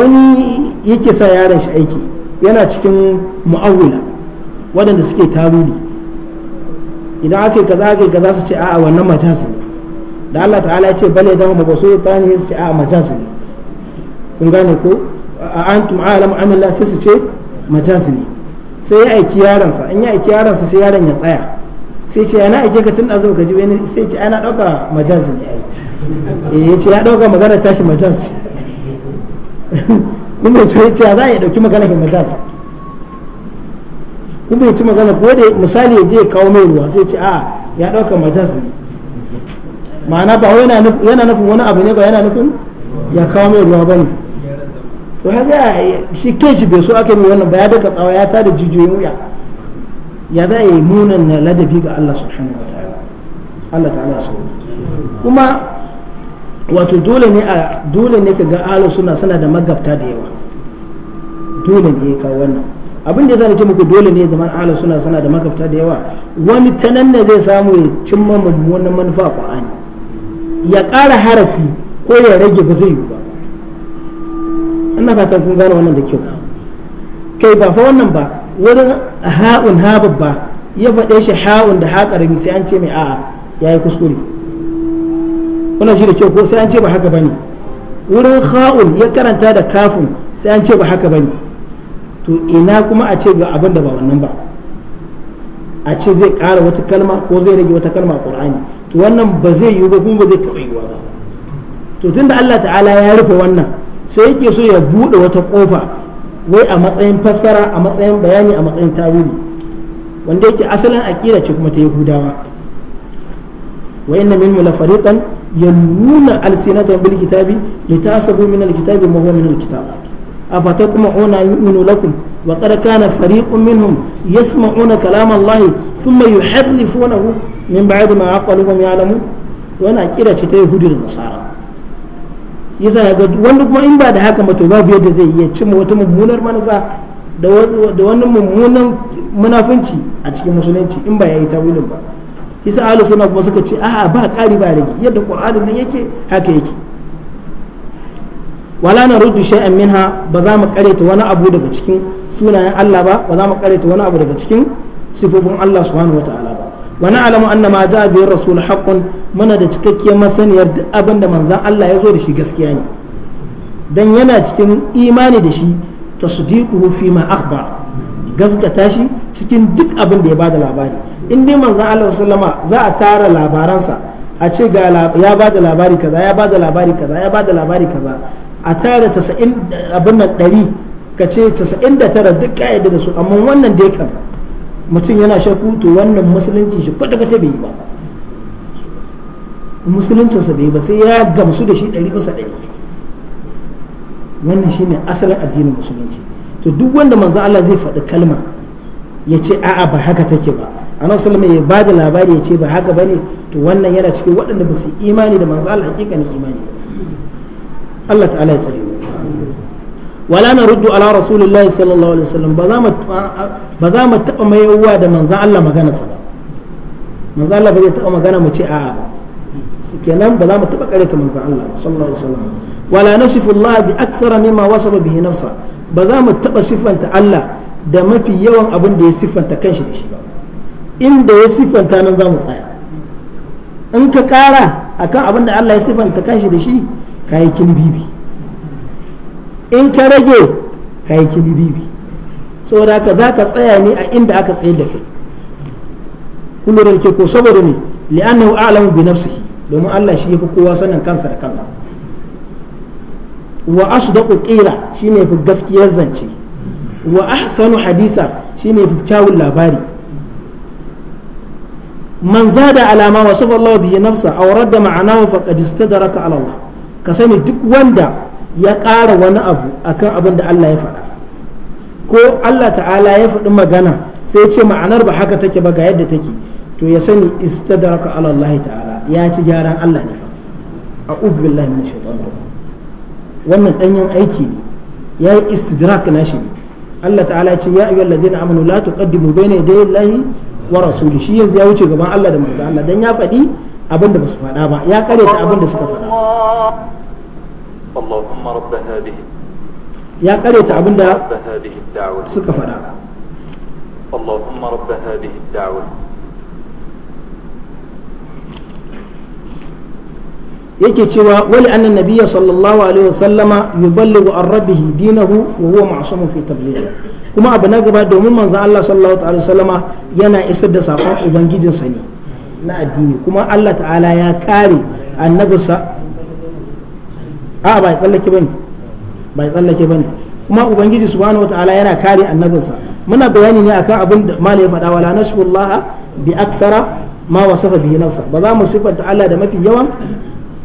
wani yake sa yaran shi aiki yana cikin muawula waɗanda suke taruri idan aka yi kaza aka yi kaza su ce a'a wannan majasi ne da Allah ta'ala ya ce bale ba su yi tani su ce a'a majasi ne kun gane ko a antum alam la sai su ce majas ne sai ya aiki yaransa in ya aiki yaransa sai yaron ya tsaya sai ce yana aike ka tun azu ka ji wani sai ce ana dauka majas ne ai eh ce ya dauka magana tashi majas kun bai ce ce za a yi dauki magana majas kun bai ci magana ko da misali ya je kawo mai ruwa sai ce a ya dauka majas ne ma'ana ba yana nufin wani abu ne ba yana nufin ya kawo mai ruwa ba ne to haka shi shi bai so aka yi wannan ba ya daka tsawa ya tada jijiyoyin wuya ya za a yi munan na ladabi ga Allah subhanahu wataala Allah ta'ala ya sauke kuma wato dole ne a dole ne ka ga ahlus suna suna da magabta da yawa dole ne ka wannan abin da yasa nace muku dole ne zaman ahlus suna suna da magabta da yawa wani tanan ne zai samu ya cimma mummunan manufa Qur'ani ya ƙara harafi ko ya rage ba zai yi ba ina fatan kun gane wannan da kyau kai ba fa wannan ba wurin ha'un ha babba ya faɗe shi ha'un da ha ƙarami sai an ce mai a'a ya yi kuskure wannan shi da kyau ko sai an ce ba haka bane wurin ha'un ya karanta da kafin sai an ce ba haka bane to ina kuma a ce ga abin da ba wannan ba a ce zai ƙara wata kalma ko zai rage wata kalma a ƙur'ani to wannan ba zai yiwu ba kuma ba zai taɓa yiwuwa ba to tunda Allah ta'ala ya rufe wannan sai yake so ya buɗe wata ƙofa wai a matsayin fassara a matsayin bayani a matsayin tarihi wanda yake asalin aƙira ce kuma ta yahudawa wa inna minhum la fariqan alsinatan bil kitabi litasabu min al kitabi ma huwa min al kitab afatatma'una yu'minu lakum wa qad kana fariqun minhum yasma'una kalam Allah thumma yuharrifunahu min ba'di ma aqaluhum ya'lamun wannan aƙira ce ta yahudu da nasara yasa ya ga wanda kuma in ba da haka mato babu yadda zai iya cimma wata mummunar manufa da wani mummunan munafunci a cikin musulunci in ba ya yi tawilin ba isa ahlu suna kuma suka ce a ba ƙari ba rage yadda qur'anin nan yake haka yake wala na ruddu shay'an minha ba za mu kareta wani abu daga cikin sunayen Allah ba ba za mu kareta wani abu daga cikin sifofin Allah subhanahu wataala ba wa na'lamu annama ma ja'a bi rasul haqqun muna da cikakkiyar masaniyar duk abin da manzan Allah ya zo da shi gaskiya ne dan yana cikin imani da shi tasdiquhu fi ma akhba gaskata shi cikin duk abin da ya bada labari in dai manzan Allah sallama za a tara labaransa a ce ga ya bada labari kaza ya bada labari kaza ya da labari kaza a tara 90 abin nan 100 ka ce 99 duk kayyade da su amma wannan dai kan mutum yana shaku wannan musulunci shi kwata-kwata bai yi ba musuluncinsa bai ba sai ya gamsu da shi ɗari bisa ɗari wannan shine asalin addinin musulunci to duk wanda manzo Allah zai faɗi kalma ya ce a'a ba haka take ba annabi sallallahu ya bada labari ya ce ba haka bane to wannan yana cikin waɗanda ba su imani da manzo Allah hakikanin imani Allah ta'ala ya tsare wala na ruddu ala rasulillahi sallallahu alaihi wasallam ba za mu taɓa mayowa da manzo Allah maganarsa ba manzo Allah ba zai taɓa magana mu ce a'a ba kenan ba za mu taba kare ta manzon Allah sallallahu alaihi wasallam wala nasifu Allah bi akthara mimma wasaba bihi nafsa ba za mu taba sifanta Allah da mafi yawan abin da ya siffanta kanshi da shi ba inda ya siffanta nan za mu tsaya in ka kara akan abin da Allah ya siffanta kanshi da shi ka yi bibi in ka rage ka yi bibi saboda haka za ka tsaya ne a inda aka tsaye da kai kullum da ke ko saboda ne li'annahu a'lamu bi nafsihi domin Allah shi yafi kowa sanin kansa da kansa wa asdaqu shi shine yafi gaskiyar zance wa ahsanu hadisa shine yafi kyawun labari man zada alama wa sallallahu bihi nafsa aw radda ma'anahu faqad istadraka ala Allah ka sani duk wanda ya ƙara wani abu akan abin da Allah ya faɗa ko Allah ta'ala ya faɗi magana sai ya ce ma'anar ba haka take ba ga yadda take to ya sani istadraka ala Allah ta'ala ya ci gyaran Allah ne fa a'udhu billahi minash shaitanir rajim wannan danyen aiki ne yayi istidrak na shi Allah ta'ala ya ce ya ayyuhal ladina amanu la tuqaddimu bayna yaday Allahi wa rasuli shi yanzu ya wuce gaban Allah da manzo Allah dan ya faɗi abin da basu faɗa ba ya kare ta abin da suka faɗa Allahumma rabb hadhihi ya kare ta abin da suka faɗa Allahumma rabb hadhihi ad-da'wah yake cewa wali annan nabiyya sallallahu alaihi wasallama yuballighu an rabbihi dinahu wa huwa ma'sumun fi tabligh kuma abu na gaba domin manzon Allah sallallahu alaihi wasallama yana isar da sakon ubangijin sa ne na addini kuma Allah ta'ala ya kare annabinsa a ba ya tsallake bane ba ya tsallake bane kuma ubangiji subhanahu wataala yana kare annabinsa muna bayani ne akan abin da mal ya faɗa wala nasbullah bi akthara ma wasafa bihi nafsa ba za mu sifanta Allah da mafi yawan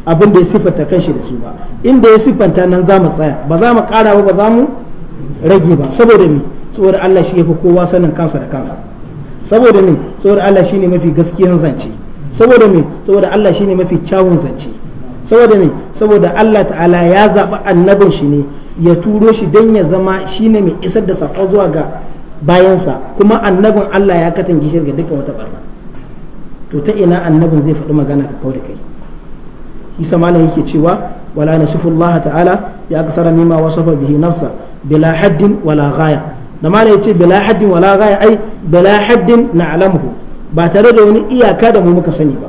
abin da ya siffanta shi da su ba inda ya siffanta nan za mu tsaya ba za mu kara ba ba za mu rage ba saboda me saboda Allah shi yafi kowa sanin kansa da kansa saboda me saboda Allah shi ne mafi gaskiyan zance saboda me saboda Allah shi ne mafi kyawun zance saboda me saboda Allah ta'ala ya zaɓi annabin shi ne ya turo shi don ya zama shi ne mai isar da saƙo zuwa ga bayansa kuma annabin Allah ya katange shi ga dukkan wata barna to ta ina annabin zai faɗi magana ka kawai da kai isa malam yake cewa wala nasifu Allah ta'ala ya akthara mimma wasafa bihi nafsa bila haddin wala ghaya da ma yace bila haddin wala ghaya ai bila haddin na'lamuhu ba tare da wani iyaka da mu muka sani ba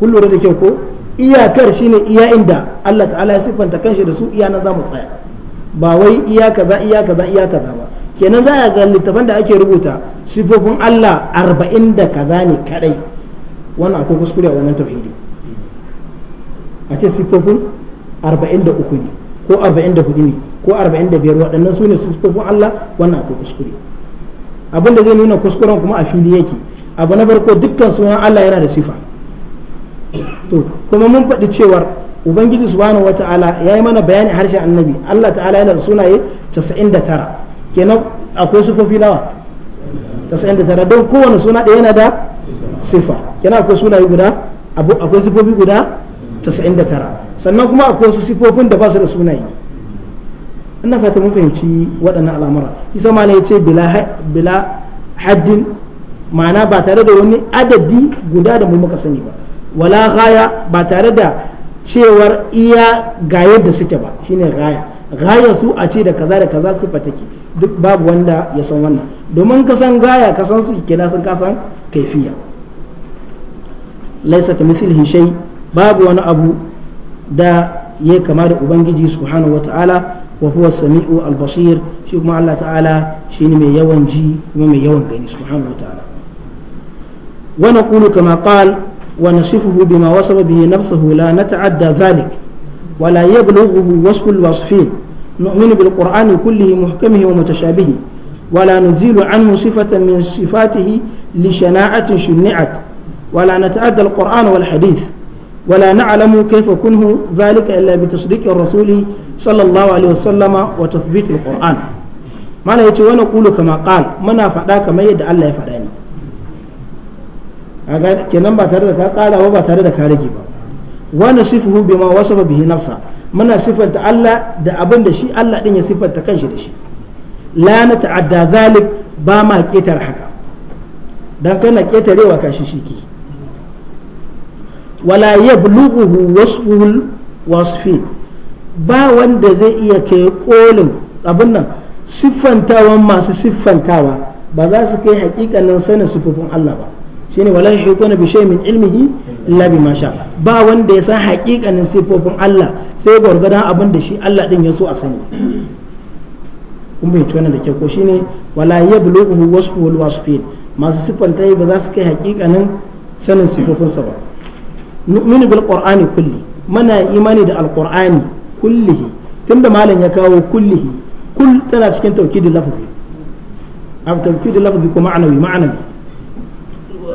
kun da kyau ko iyakar shine iya inda Allah ta'ala ya siffanta kanshi da su iya nan za mu tsaya ba wai iya kaza iya kaza iya kaza ba kenan za a ga littafan da ake rubuta sifofin Allah arba'in da kaza ne kadai wannan akwai kuskure a wannan tauhidi a ce siffofin 43 ne ko 44 ne ko 45 waɗannan su ne siffofin Allah wannan akwai kuskure abin da zai nuna kuskuren kuma a fili yake abu na farko dukkan sunan Allah yana da sifa to kuma mun faɗi cewar ubangiji subhanahu wataala ya yi mana bayani harshen annabi Allah ta'ala yana da sunaye 99 kenan akwai siffofi nawa 99 don kowane suna ɗaya yana da sifa kenan akwai sunaye guda akwai sifofi guda 99 sannan kuma akwai wasu sifofin da ba su da sunaye ina fata mun fahimci waɗannan al'amura isa ma ya ce bila haddin ma'ana ba tare da wani adadi guda da mu muka sani ba wala gaya ba tare da cewar iya ga yadda suke ba shine gaya gaya su a ce da kaza da kaza su take duk babu wanda ya san wannan domin ka san gaya ka san su kenan sun ka san kaifiya laisa ka mislihi shay babu wani abu da ya kama da ubangiji subhanahu wa ta'ala wa huwa sami'u al-basir shi kuma Allah ta'ala shine mai yawan ji kuma mai yawan gani subhanahu wa ta'ala wa naqulu kama qal wa nasifuhu bima wasaba bihi nafsuhu la nata'adda dhalik wa la yablughuhu wasf al-wasfin nu'minu bil qur'ani kullihi wala wa mutashabihi wa la nuzilu anhu sifatan min sifatihi li shana'atin shuni'at wa la nata'adda al-qur'an wal hadith ولا نعلم كيف كنه ذلك إلا بتصديق الرسول صلى الله عليه وسلم وتثبيت القرآن ما لا يتوانا قولوا كما قال منا فعلا كما يد الله يفعلاني kenan ba tare da ka kara ba ba tare da ka rage ba wani sifuhu bi ma wasafa bihi nafsa muna sifanta Allah da abin da shi Allah din ya sifanta kanshi da shi la na ta'adda zalik ba ma ketar haka dan kana ketarewa kashi shiki wala yablughu wasful wasfi ba wanda zai iya kai kolin abin nan siffantawan masu siffantawa ba za su kai hakikanin sanin sufufin Allah ba shine wala yuhituna bi shay'in min ilmihi illa bima sha ba wanda ya san hakikanin sifofin Allah sai gwargwadon abin da shi Allah din ya so a sani kun bai tona da ke ko shine wala yablughu wasfu wal wasfin masu siffanta ba za su kai hakikanin sanin sa ba nu'minu bil qur'ani kulli mana imani da alqur'ani kullihi tunda malam ya kawo kullihi kul tana cikin tawkidul lafzi ab tawkidul lafzi ko ma'anawi ma'anawi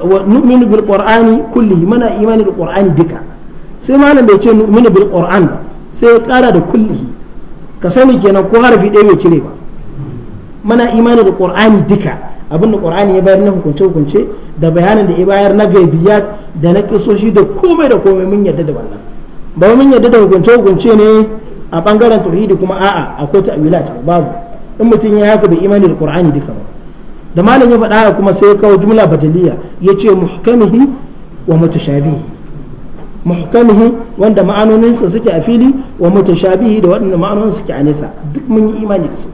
wa nu'minu bil qur'ani kullihi mana imani da qur'ani duka sai malam bai ce nu'minu bil qur'an ba sai ya kara da kullihi ka sani kenan ko harafi ɗaya bai cire ba mana imani da qur'ani duka abin da qur'ani ya bayar na hukunce hukunce da bayanin da ibayar na gaibiyat da na kisoshi da komai da komai mun yarda da wannan ba mun yarda da hukunce hukunce ne a bangaren tauhidi kuma a'a akwai ta'wilat babu in mutum ya haka bai imani da qur'ani duka ba da malam ya faɗa kuma sai ya kawo jumla badaliya ya ce muhkamihi wa mutashabihi muhkamihi wanda ma'anoninsa suke a fili wa mutashabihi da waɗanda ma'anonin suke a nesa duk mun yi imani da su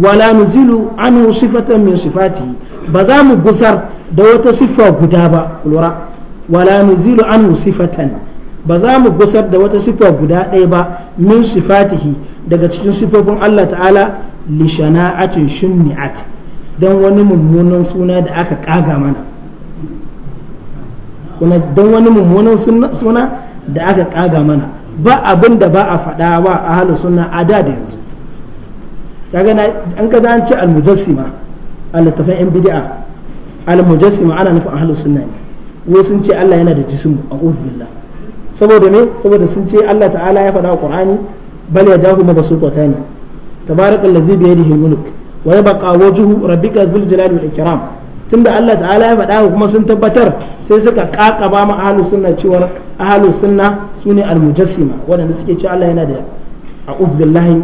wala nuzilu anhu sifatan min sifatihi ba za mu gusar da wata siffa guda ba lura wala nuzilu anhu sifatan ba za mu gusar da wata siffa guda ɗaya ba min sifatihi daga cikin siffofin Allah ta'ala li shana'atin shunni'at dan wani mummunan suna da aka kaga mana kuma dan wani mummunan suna da aka kaga mana ba abin da ba a faɗa wa ahlus sunna a da yanzu yanzu kaga an ka ci al-mujassima a littafin yan bid'a al mujassima ana nufin ahlus sunna ne wai sun ce Allah yana da jism a billah saboda me saboda sun ce Allah ta'ala ya faɗa a Qur'ani bal yadahu mabsutatani tabarakallazi bi yadihi mulk wa yabqa wajhu rabbika dhul jalali wal ikram tunda Allah ta'ala ya faɗa kuma sun tabbatar sai suka kakaba ma ahlus sunna cewa ahlus sunna sune al mujassima wanda suke cewa Allah yana da a'udhu billahi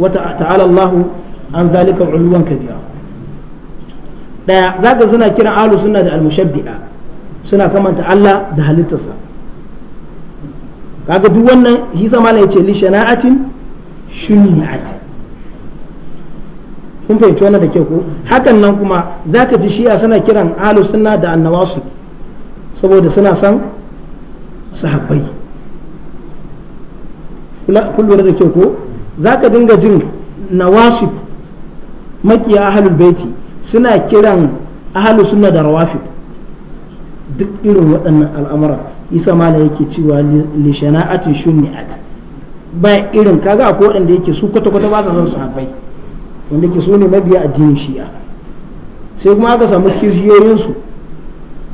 wa ta'ala Allahu an zalika uluwan kabira daya zaka suna kiran ahlus sunna da almushabbi'a suna kamanta Allah da halittarsa kaga duk wannan shi sama ne yace li shana'atin shunni'at kun fahimci wannan da ke ko hakan nan kuma zaka ji shi'a suna kiran ahlus sunna da annawasu saboda suna san sahabbai kullum da ke ko zaka dinga jin nawasu makiya ahlul baiti suna kiran ahlu sunna da rawafid duk irin waɗannan al'amura isa mala yake cewa li shana'atin shunni'at ba irin kaga akwai waɗanda yake su kwata-kwata ba sa son sahabbai wanda ke so ne mabiya addinin shi'a sai kuma aka samu kishiyoyinsu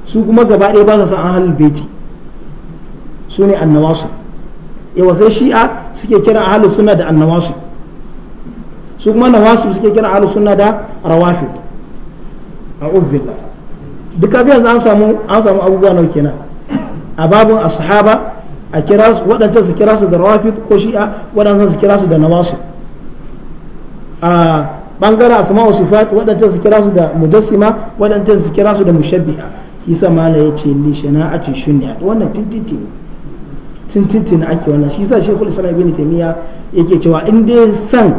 su kuma gaba ɗaya ba sa son ahlul baiti su ne annawasu yawa sai shi'a suke kiran ahlus sunna da annawasu su kuma wasu suke kira ahlus sunna da rawafid a'udhu billah duka ga yanzu an samu an samu abubuwa nawa kenan a babun ashaba a kira su waɗancan su kira su da rawafid ko shi'a waɗancan su kira su da nawasu. a bangaren asma'u sifat waɗancan su kira su da mujassima waɗancan su kira su da mushabbiha kisa mala ya ce li shana'ati shunniyat wannan tintinti tintinti ake wannan shi yasa shekul islam ibn taymiya yake cewa in dai san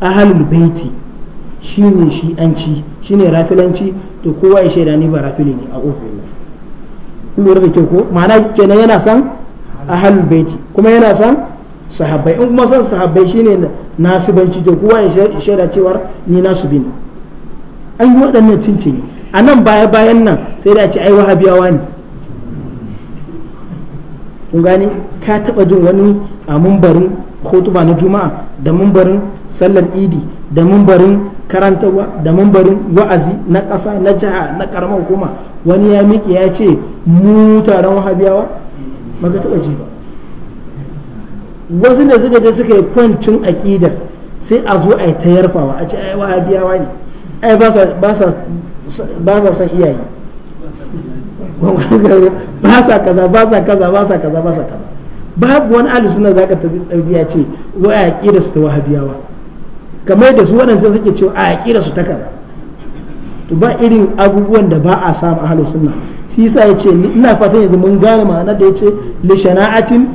ahalul baiti shi ne shi'anci shi ne rafilanci to kowa ya shaida ni ba rafili ne a ofin kun lura da kyau ko ma'ana kenan yana san ahalul baiti kuma yana san sahabbai in kuma san sahabbai shine nasibanci to kowa ya shaida cewar ni nasubi ne an yi waɗannan cinci a nan baya bayan nan sai da ce ai wahabiyawa ne kun gani ka taɓa jin wani a mumbarin hotuba na juma'a da mumbarin sallar idi da mambarin karantarwa da mambarin wa'azi na ƙasa na jiha na ƙaramar hukuma wani ya miƙe ya ce mu taron wahabiyawa maka taɓa ji ba wasu da suka je suka yi kwancin aƙida sai a zo a yi ta yarfawa a ce ai wahabiyawa ne ai ba sa son iyaye ba sa kaza ba sa kaza ba sa kaza ba sa kaza babu wani alu suna zaka tafi ya ce wa a ƙira su ta wahabiyawa kamar da su waɗanda suke cewa a aƙira su ta kaza to ba irin abubuwan da ba a samu ahlus sunna shi yasa yace ina fatan yanzu mun gane ma'anar da yace li shana'atin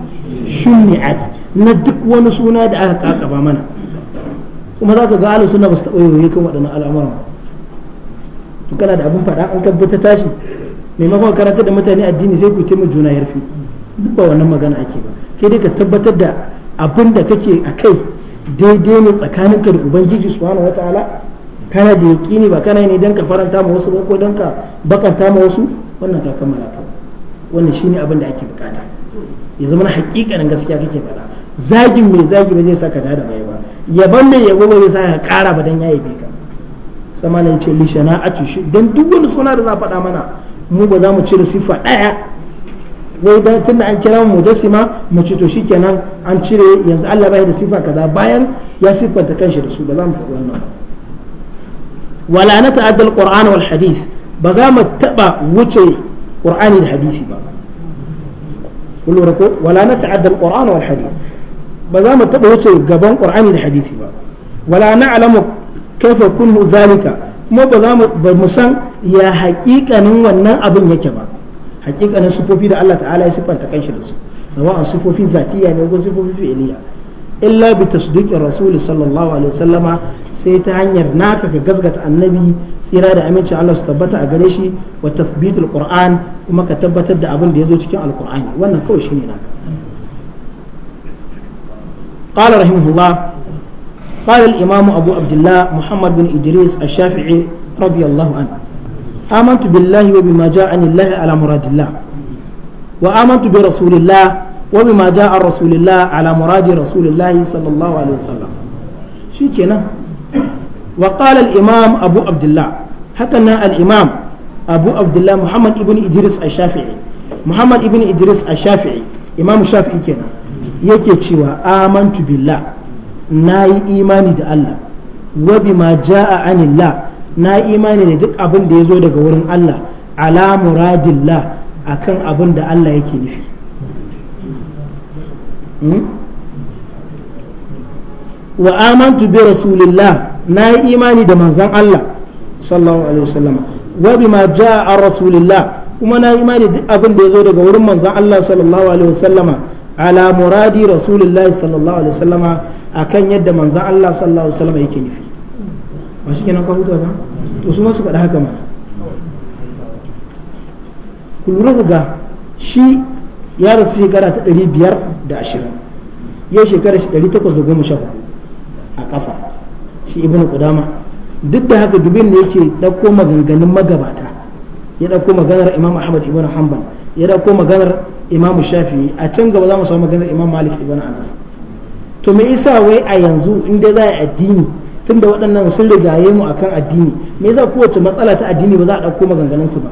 shunni'at na duk wani suna da aka kakaba mana kuma za ka ga ahlus sunna ba su taɓa yoyi kan waɗannan al'amuran to kana da abin faɗa an ta tashi maimakon karanta da mutane addini sai ku mu juna yarfi duk ba wannan magana ake ba kai dai ka tabbatar da abin da kake a kai daidai ne tsakanin ka da ubangiji subhanahu wataala kana da kini ba kana ne don ka faranta ma wasu ko don ka bakanta ma wasu wannan ka kammala ka wannan shine abin da ake bukata ya zama na hakikanin gaskiya kake faɗa zagin mai zagi ba zai saka da bai ba yaban mai yabo ba zai sa ka kara ba dan yayi ka sama yace ce lishana a dan duk wani suna da za faɗa mana mu ba za mu cire sifa ɗaya wai da tun an kira mu mujassima mace ce to shikenan an cire yanzu Allah bai da sifa kaza bayan ya siffanta kanshi da su ba za mu faɗi wannan wala na ta'adda alquran wal hadith ba za mu taba wuce qur'ani da hadisi ba kullu rako wala na ta'adda alquran wal hadith ba za mu taba wuce gaban qur'ani da hadisi ba wala na alamu kaifa kunu zalika kuma ba za mu san ya haƙiƙanin wannan abin yake ba hakikanin sufofi da Allah ta'ala ya siffanta kanshi da su sawa'an sufofi zatiya ne ko sufofi fi'liya illa bi tasdiqir rasul sallallahu alaihi wasallama sai ta hanyar naka ka gasgata annabi tsira da aminci Allah su tabbata a gare shi wa tathbitul qur'an kuma ka tabbatar da abin da yazo cikin alqur'ani wannan kawai shine naka qala rahimahullah قال الإمام أبو عبد الله محمد بن إدريس الشافعي رضي الله عنه wa bima ja'ani Allah wa bi rasulillah wa bima ja'a rasulillah ala muradi alaihi wa qala al imam abu abdullah haka nan al abu abdullah muhammad ibn idris ash-shafi'i muhammad ibn idris ash-shafi'i imam shafi'i kenan yake cewa amantu billah nayi imani da Allah wa anillah na imani ne duk abin da ya zo daga wurin Allah ala muradillah akan abin da Allah yake nufi hmm? wa amantu bi rasulillah na yi imani da manzan Allah sallallahu alaihi wasallam wa bima jaa an rasulillah kuma na yi imani duk abin da ya zo daga wurin manzan Allah sallallahu alaihi wasallama ala muradi rasulillah sallallahu alaihi wasallama akan yadda manzan Allah sallallahu alaihi wasallama yake nufi ba shi kenan ka huta ba to su masu faɗa haka ma ku ga shi ya rasu shekara ta ɗari biyar da ashirin yau shekara shi ɗari takwas da goma sha hudu a ƙasa shi ibn kudama duk da haka dubin da yake ɗauko maganganun magabata ya ɗauko maganar imam ahmad ibn hanbal ya ɗauko maganar imam shafi'i a can gaba za mu samu maganar imam malik ibn anas to me isa wai a yanzu in dai za a addini tunda waɗannan sun rigaye mu akan addini me yasa kowace matsala ta addini ba za a ɗauko maganganun su ba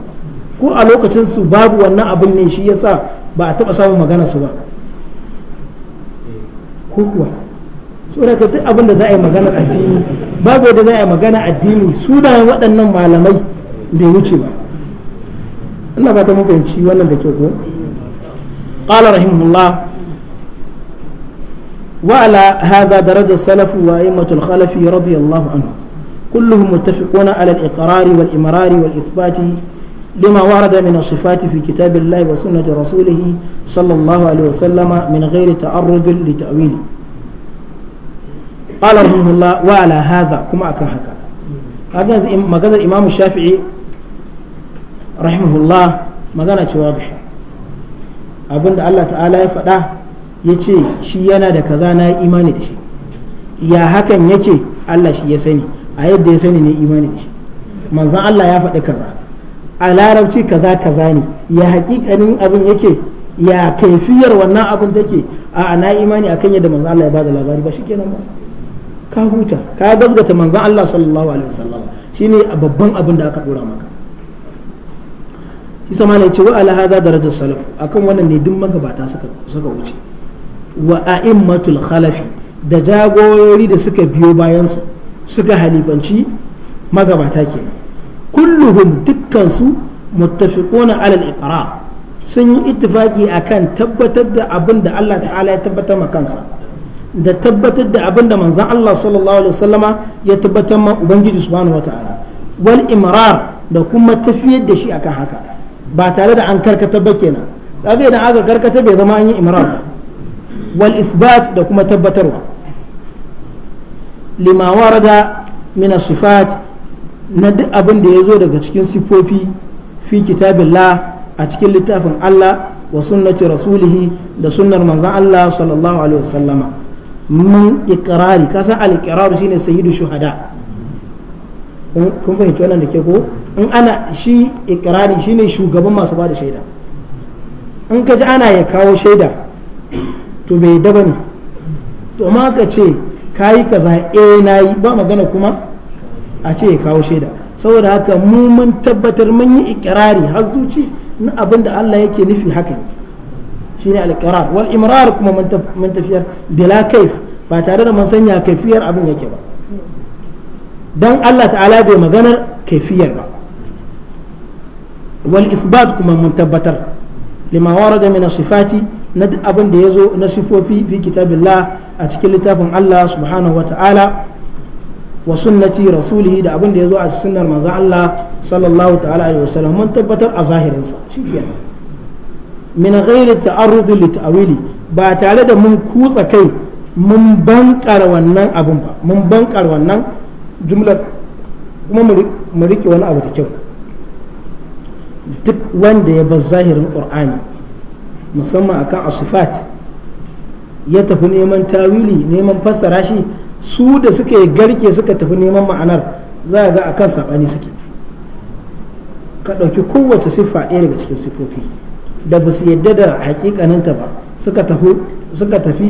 ko a lokacin su babu wannan abin ne shi yasa ba a taɓa samun magana su ba ko kuwa saboda ka duk abin da za a yi magana addini babu yadda za a yi magana addini su da waɗannan malamai bai wuce ba ina ta mun fahimci wannan da ke ko qala rahimahullah وعلى هذا درج السلف وأئمة الخلف رضي الله عنه كلهم متفقون على الإقرار والإمرار والإثبات لما ورد من الصفات في كتاب الله وسنة رسوله صلى الله عليه وسلم من غير تعرض لتأويله قال رحمه الله وعلى هذا كما أكهك هذا مقدر الإمام الشافعي رحمه الله مقدر واضحة أبن الله تعالى يفدأ ya ce shi yana da kaza na imani da shi ya hakan yake Allah shi ya sani a yadda ya sani ne imani da shi manzan Allah ya faɗi kaza a larabci kaza kaza ne ya hakikanin abin yake ya kaifiyar wannan abin take a na imani akan yadda manzan Allah ya bada labari ba shi kenan ba ka huta ka gazgata manzan Allah sallallahu alaihi wasallam shine babban abin da aka dora maka shi sama ne ce wa ala hada darajar salaf akan wannan ne duk magabata suka suka wuce wa a'immatul khalafi da jagorori da suka biyo bayansu suka halifanci magabata kenan kulluhum dukkansu muttafiquna alal iqrar sun yi ittifaki akan tabbatar da abin da Allah ta'ala ya tabbatar ma kansa da tabbatar da abin da manzon Allah sallallahu alaihi wasallama ya tabbatar ma ubangiji subhanahu wataala wal imrar da kuma tafiyar da shi akan haka ba tare da an karkata ba kenan kaga idan aka karkata bai zama an yi imrar wal isbat da kuma tabbatarwa lima warada min sifat na duk abin ya zo daga cikin sifofi fi kitabillah a cikin littafin Allah wa sunnati rasulihi da sunnar manzon Allah sallallahu alaihi wasallama mun kasan shine shuhada kun fahimci wannan da ke ko in ana shi ikirari shine shugaban masu bada shaida in ka ji ana ya kawo shaida to bai daba ne to ma ka ce yi kaza eh nayi ba magana kuma a ce ya kawo shaida saboda haka mu mun tabbatar mun yi ikirari har zuci na abin da Allah yake nufi haka ne shine al wal imrar kuma mun tafiyar bila kaif ba tare da mun sanya kaifiyar abin yake ba dan Allah ta'ala bai maganar kaifiyar ba wal isbat kuma mun tabbatar lima warada min sifati na abin da ya zo na sifofi fi kitabillah a cikin littafin Allah subhanahu wata'ala wa sunnati rasulihi da abin da ya zo a sunnar manzo Allah sallallahu ta'ala alaihi wasallam mun tabbatar a zahirin sa shikenan min ghairi ta'arrud li ta'wili ba tare da mun kutsa kai mun bankar wannan abun ba mun bankar wannan jumlar kuma mu rike wani abu da kyau duk wanda ya bar zahirin qur'ani musamman akan asufat ya tafi neman tawili neman fassara shi su da suka yi garke suka tafi neman ma'anar za ga akan saɓani suke ka ɗauki kowace siffa ɗaya daga cikin siffofi da ba su yadda da hakikaninta ba suka tafi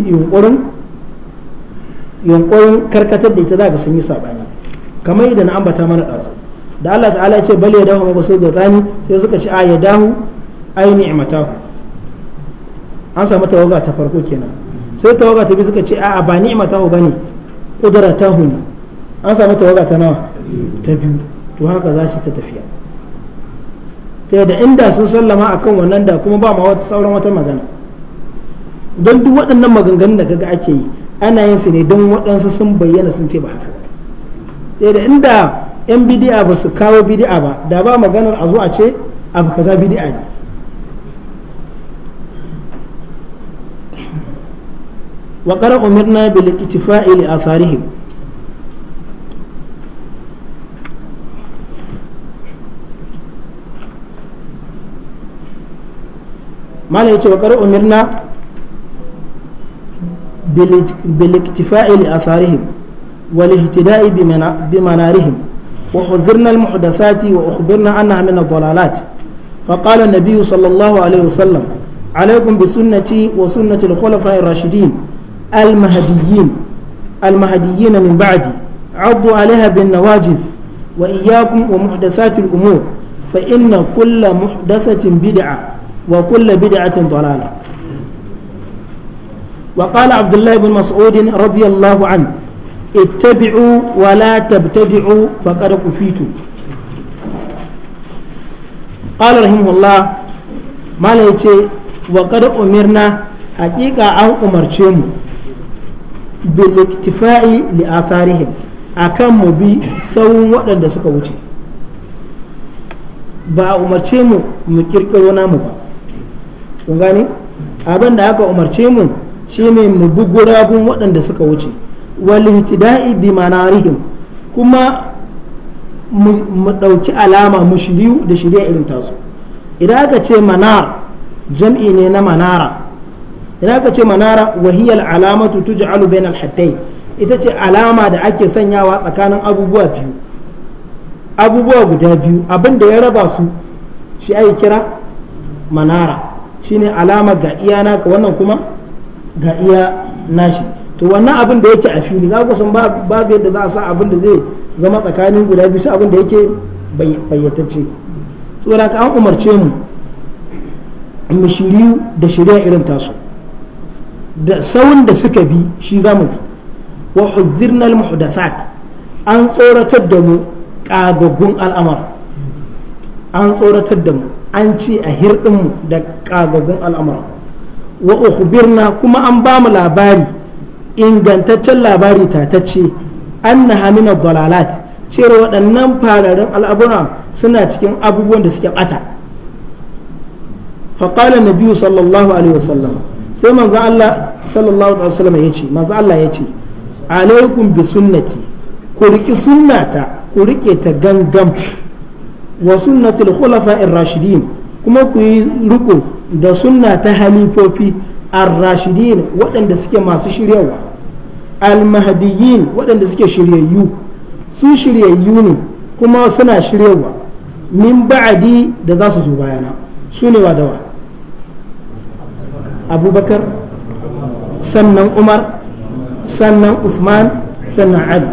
yunkurin karkatar da ita za ga sun yi saɓani kamar idan na ambata mana ɗazu da Allah ta'ala ya ce bal ya dahu sai da tani sai suka ci a ya dahu ai ni'matahu an samu tawaga ta farko kenan sai tawaga ta biyu suka ce a'a ba ni'ima ta bane kudura ta huni an samu tawaga ta nawa ta biyu to haka za shi ta tafiya ta yadda inda sun sallama akan wannan da kuma ba ma wata sauran wata magana don duk waɗannan maganganun da kaga ake yi ana yin su ne don waɗansu sun bayyana sun ce ba haka ta yadda inda yan bidi'a ba su kawo bidi'a ba da ba maganar a zo a ce abu kaza bidi'a ne wa qara umirna bil ittifa'i li atharihim mala yace wa qara umirna bil ittifa'i li atharihim bi manarihim وحذرنا المحدثات وأخبرنا أنها من الضلالات فقال النبي صلى الله عليه وسلم عليكم بسنتي وسنة الخلفاء الراشدين المهديين المهديين من بعدي عضوا عليها بالنواجذ وإياكم ومحدثات الأمور فإن كل محدثة بدعة وكل بدعة ضلالة وقال عبد الله بن مسعود رضي الله عنه اتبعوا ولا تبتدعوا فقد كفيتم قال رحمه الله ما ليتي وقد أمرنا حقيقة أو أمرتم biliktifa'i li atharihim akan mu bi sauran waɗanda suka wuce ba a umarce mu mu kirkiro namu ba kun gane abin da aka umarce mu shine mu bi gurabun waɗanda suka wuce wal ihtida'i bi manarihim kuma mu ɗauki alama mu shiryu da shirya irin tasu idan aka ce manar jam'i ne na manara idan aka ce manara wahiyal alamatu tuj'alu bainal alhattai ita ce alama da ake sanyawa tsakanin abubuwa biyu abubuwa guda biyu abin da ya raba su shi ake kira manara shine alama ga iya naka wannan kuma ga iya nashi to wannan abin da yake a fili za ku san babu yadda za a sa abin da zai zama tsakanin guda biyu abin da yake bayyatacce saboda ka an umarce mu mu shiriyu da shirya irin tasu da tsawon da suka bi shi zamu mu bi wa hudzirna muhdathat an tsoratar da mu kagaggun al'amar an tsoratar da mu an ci a hirɗin mu da kagaggun al'amar wa ukhbirna kuma an ba mu labari ingantaccen labari tatacce annaha min ad-dalalat cewa waɗannan fararen al'abura suna cikin abubuwan da suke bata faqala nabiyyu sallallahu alaihi wasallam sai manzo Allah sallallahu alaihi wasallam ya ce manzo Allah ya ce alaikum bi sunnati ku riki sunnata ku rike ta gangan wa sunnatul khulafa'ir rashidin kuma ku yi ruku da sunna ta halifofi ar-rashidin waɗanda suke masu shiryawa al-mahdiyyin waɗanda suke shiryayyu su shiryayyu ne kuma suna shiryawa min ba'adi da za su zo bayana su ne wa dawa abubakar sannan umar sannan usman sannan ali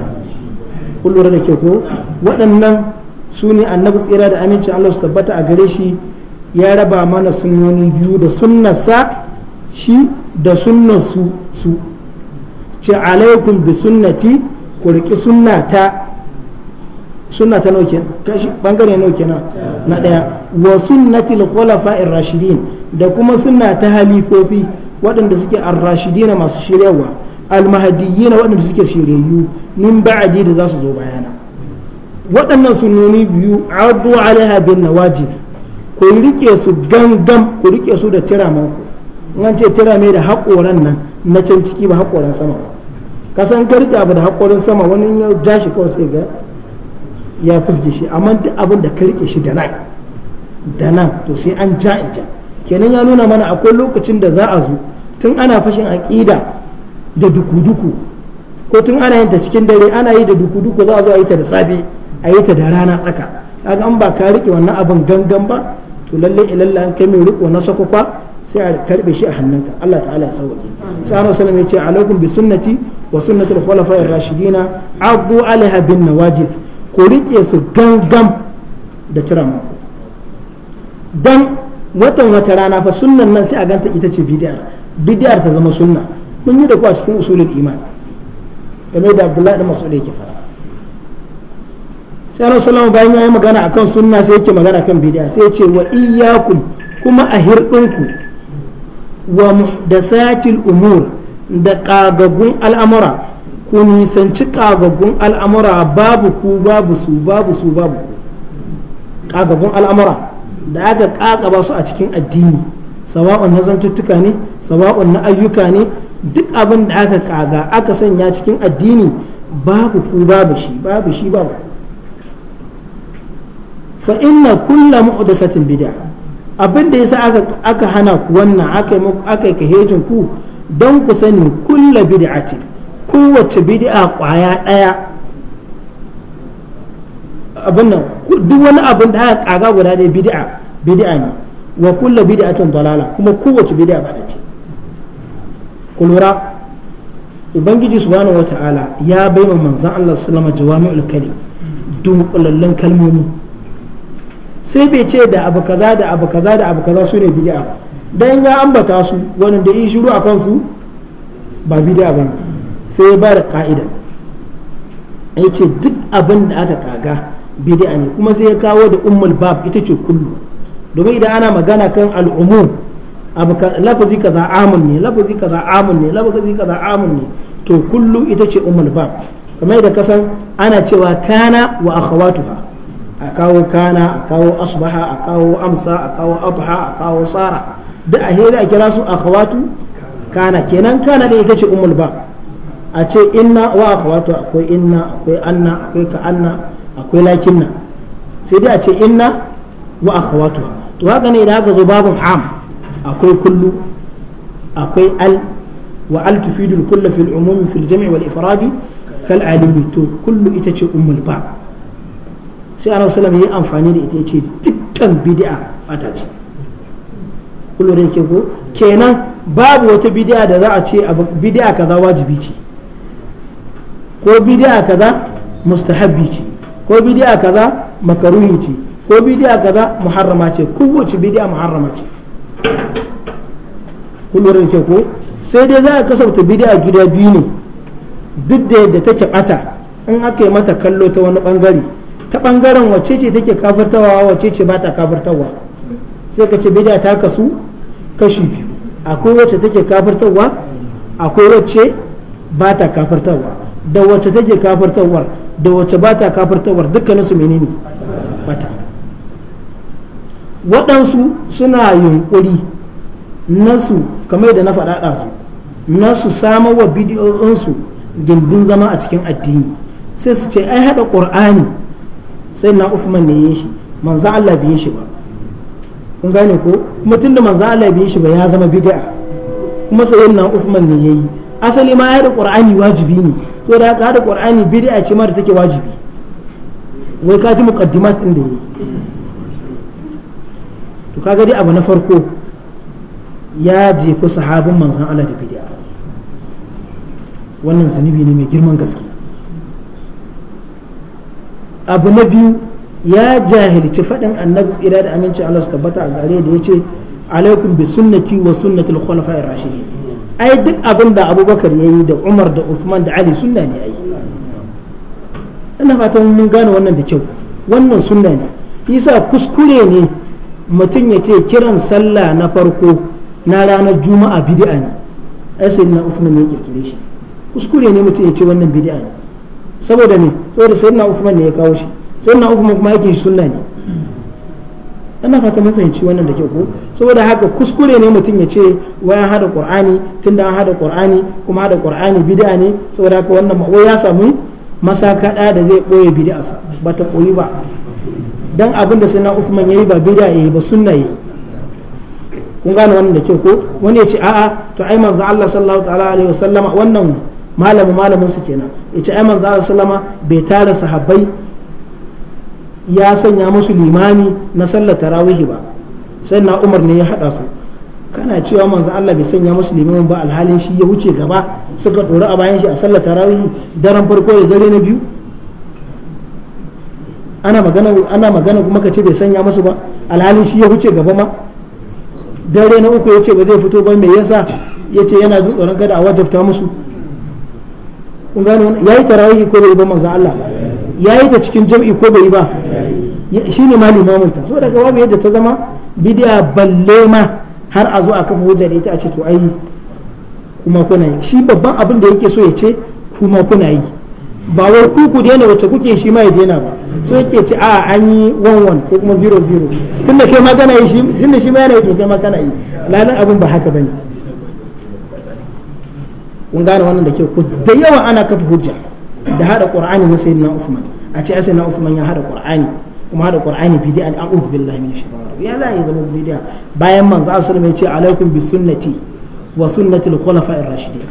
kullum da ke ko waɗannan su ne annabi tsira da amincin allah su tabbata a gare shi ya raba mana sunnoni biyu da sunnarsa shi da sunnar su ce alaikum bi sunnati ku riƙi sunnata sunnata nauke kenan kashi bangare nau kenan na ɗaya wa sunnatil ar rashidin da kuma sunna ta halifofi waɗanda suke ar-rashidina masu shiryawa al-mahdiyyina waɗanda suke shiryayyu min ba'di da zasu zo bayana waɗannan sunnoni biyu addu alaiha bin nawajid ku rike su gangam ku rike su da tiraman ku in ce tirame da haƙoran nan na can ciki ba haƙoran sama ba kasan ka ba abu da haƙoran sama wani ya ja shi kawai sai ga ya fuske shi amma duk abin da ka rike shi da nan da nan to sai an ja in ja kenan ya nuna mana akwai lokacin da za a zo tun ana fashin aƙida da duku-duku ko tun ana yin ta cikin dare ana yi da duku-duku za a zo a yi ta da safe a yi ta da rana tsaka kaga an ba ka rike wannan abin gangan ba to lalle ilalla an kai mai riko na sakwakwa sai a karbe shi a hannunka Allah ta'ala ya sauke sai ya ce alaikum bi sunnati wa sunnatul khulafa'ir rashidina addu alaiha bin nawajid ku riƙe su gangam da kiran mako dan watan wata rana fa sunnan nan sai a ganta ita ce bidiyar bidiyar ta zama sunna mun yi da ku a cikin usulul iman game da abdullahi da masu ke fara sai lamu bayan ya yi magana akan sunna sai yake magana kan bidiya sai ce wa iyakun kuma a hirɗinku wa muhdathatil umur da ƙagagun al'amura ku nisanci kagagun al'amura babu ku babu su babu su babu ku kagagun al'amura da aka ba su a cikin addini sawa'un na zantuttuka ne sawa'un na ayyuka ne duk abin da aka kaga aka sanya cikin addini babu ku babu shi babu shi babu fa inna kulla satin bid'a abin da yasa aka aka hana ku wannan aka aka kahejin ku don ku sani kulla bid'atin kowace bid'a kwaya ɗaya abin nan duk wani abin da aka guda ɗaya bid'a bid'a ne wa kullu bid'atin dalala kuma kowace bid'a ba da ce ku lura ubangiji subhanahu wata'ala ya baiwa manzon Allah sallama jawami'ul kalim dunkulallen kalmomi sai bai ce da abu kaza da abu kaza da abu kaza su ne bid'a don dan ya ambata su wanda da yi shiru akan su ba bid'a ba ne sai ya bada ka'ida ya ce duk abin da aka kaga bid'a ne kuma sai ya kawo da ummul bab ita ce kullu domin idan ana magana kan al'umum lafazi kaza amun ne lafazi kaza amun ne lafazi kaza amun ne to kullu ita ce ummul bab kamar da kasan ana cewa kana wa akhawatuha a kawo kana a kawo asbaha a kawo amsa a kawo abha a kawo sara duk a hira a kira su akhawatu kana kenan kana da ita ce ummul bab a ce inna wa akhawatu akwai inna akwai anna akwai ka anna akwai lakinna sai dai a ce inna wa akhawatu to haka ne idan aka zo babun am akwai kullu akwai al wa al tufidu al kull fi al umum fi jam' wal ifradi kal alimi to kullu ita ce ummul ba sai annabi sallallahu alaihi amfani da ita ya ce dukkan bid'a bata ce kullu da ke ko kenan babu wata bid'a da za a ce bid'a kaza wajibi ce ko bidiya kaza mustahabbi ce ko bidiya kaza makaruhi ce ko bidiya kaza muharrama ce kowace bidiya muharrama ce kun da ke ko sai dai za a kasafta bidiya gida biyu ne duk da yadda take bata in aka yi mata kallo ta wani bangare ta bangaren wacce ce take kafirtawa wacce ce bata kafirtawa sai ka ce bidiya ta kasu kashi biyu akwai wacce take kafirtawa akwai wacce bata kafirtawa da wacce take kafirtawar da wacce ba ta kafirtawar dukkanin su menene bata waɗansu suna yunkuri nasu kamar da na faɗaɗa su nasu samar wa bidiyoyinsu gindin zama a cikin addini sai su ce ai haɗa ƙur'ani sai na Uthman ne yin shi manzo Allah bai shi ba kun gane ko kuma tunda manzo Allah bai shi ba ya zama bid'a kuma sai na Uthman ne yayi asali ma ya haɗa ƙur'ani wajibi ne ko da haka hada qur'ani bid'a ce da take wajibi wai ka ji muqaddimat din da yi to kaga dai abu na farko ya jefi sahabin manzon Allah da bid'a wannan zunubi ne mai girman gaske abu na biyu ya jahilci faɗin annabi tsira da amincin Allah su tabbata a gare da ya ce alaikum bi sunnati wa sunnatul khulafa'ir rashidin ai duk abin da abubakar ya yi da umar da usman da ali sunna ne ai ina fatan mun gane wannan da kyau wannan sunna ne yasa kuskure ne mutum ya ce kiran sallah na farko na ranar juma'a bid'a ne ai sai na usman ya kirkire shi kuskure ne mutum ya ce wannan bid'a ne saboda ne saboda sai na usman ne ya kawo shi sai na usman kuma yake sunna ne ana fata mun fahimci wannan da ke ko saboda haka kuskure ne mutum ya ce wayan hada qur'ani tunda an hada qur'ani kuma hada qur'ani bid'a ne saboda haka wannan ma ya samu masakada da zai boye bid'a ba ta koyi ba dan abin da sai na Uthman yayi ba bid'a yayi ba sunna yayi kun gane wannan da ke ko wani ya ce a'a to ai manzo Allah sallallahu ta'ala alaihi wasallama wannan malamin malamin su kenan ya ce ai manzo Allah sallama bai tara sahabbai ya sanya musu limami na sallar tarawihi ba sai na umar ne ya hada su kana cewa manzon Allah bai sanya musu limani ba alhalin shi ya wuce gaba suka dora a bayan shi a sallar tarawihi daren farko da dare na biyu ana magana ana magana kuma kace bai sanya musu ba alhalin shi ya wuce gaba ma dare na uku yace ba zai fito ba me yasa yace yana jin tsoron kada a wajabta musu kun gano yayi tarawihi ko bai ba manzon Allah ba ya yi ta cikin jam'i ko bai yi ba shi ne ma mamunta so daga babu yadda ta zama bidiya balle ma har a zo a kafa hujja da ita a ce to ai kuma kuna yi shi babban abin da yake so ya ce kuma kuna yi ba wai ku ku daina wacce kuke shi ma ya daina ba so yake ce a an yi 11 ko kuma 00 tunda kai ma kana yi shi ne shi ma yana yi to kai ma kana yi lalan abin ba haka bane kun gane wannan da ke ku da yawa ana kafa hujja da hada qur'ani na sayyidina usman a ce sayyidina usman ya hada qur'ani kuma hada qur'ani bid'a an a'udhu billahi minash shaitanir ya za ya zama bid'a bayan manzo sallallahu alaihi wasallam ya ce alaikum bi sunnati wa sunnati al-khulafa'ir rashidin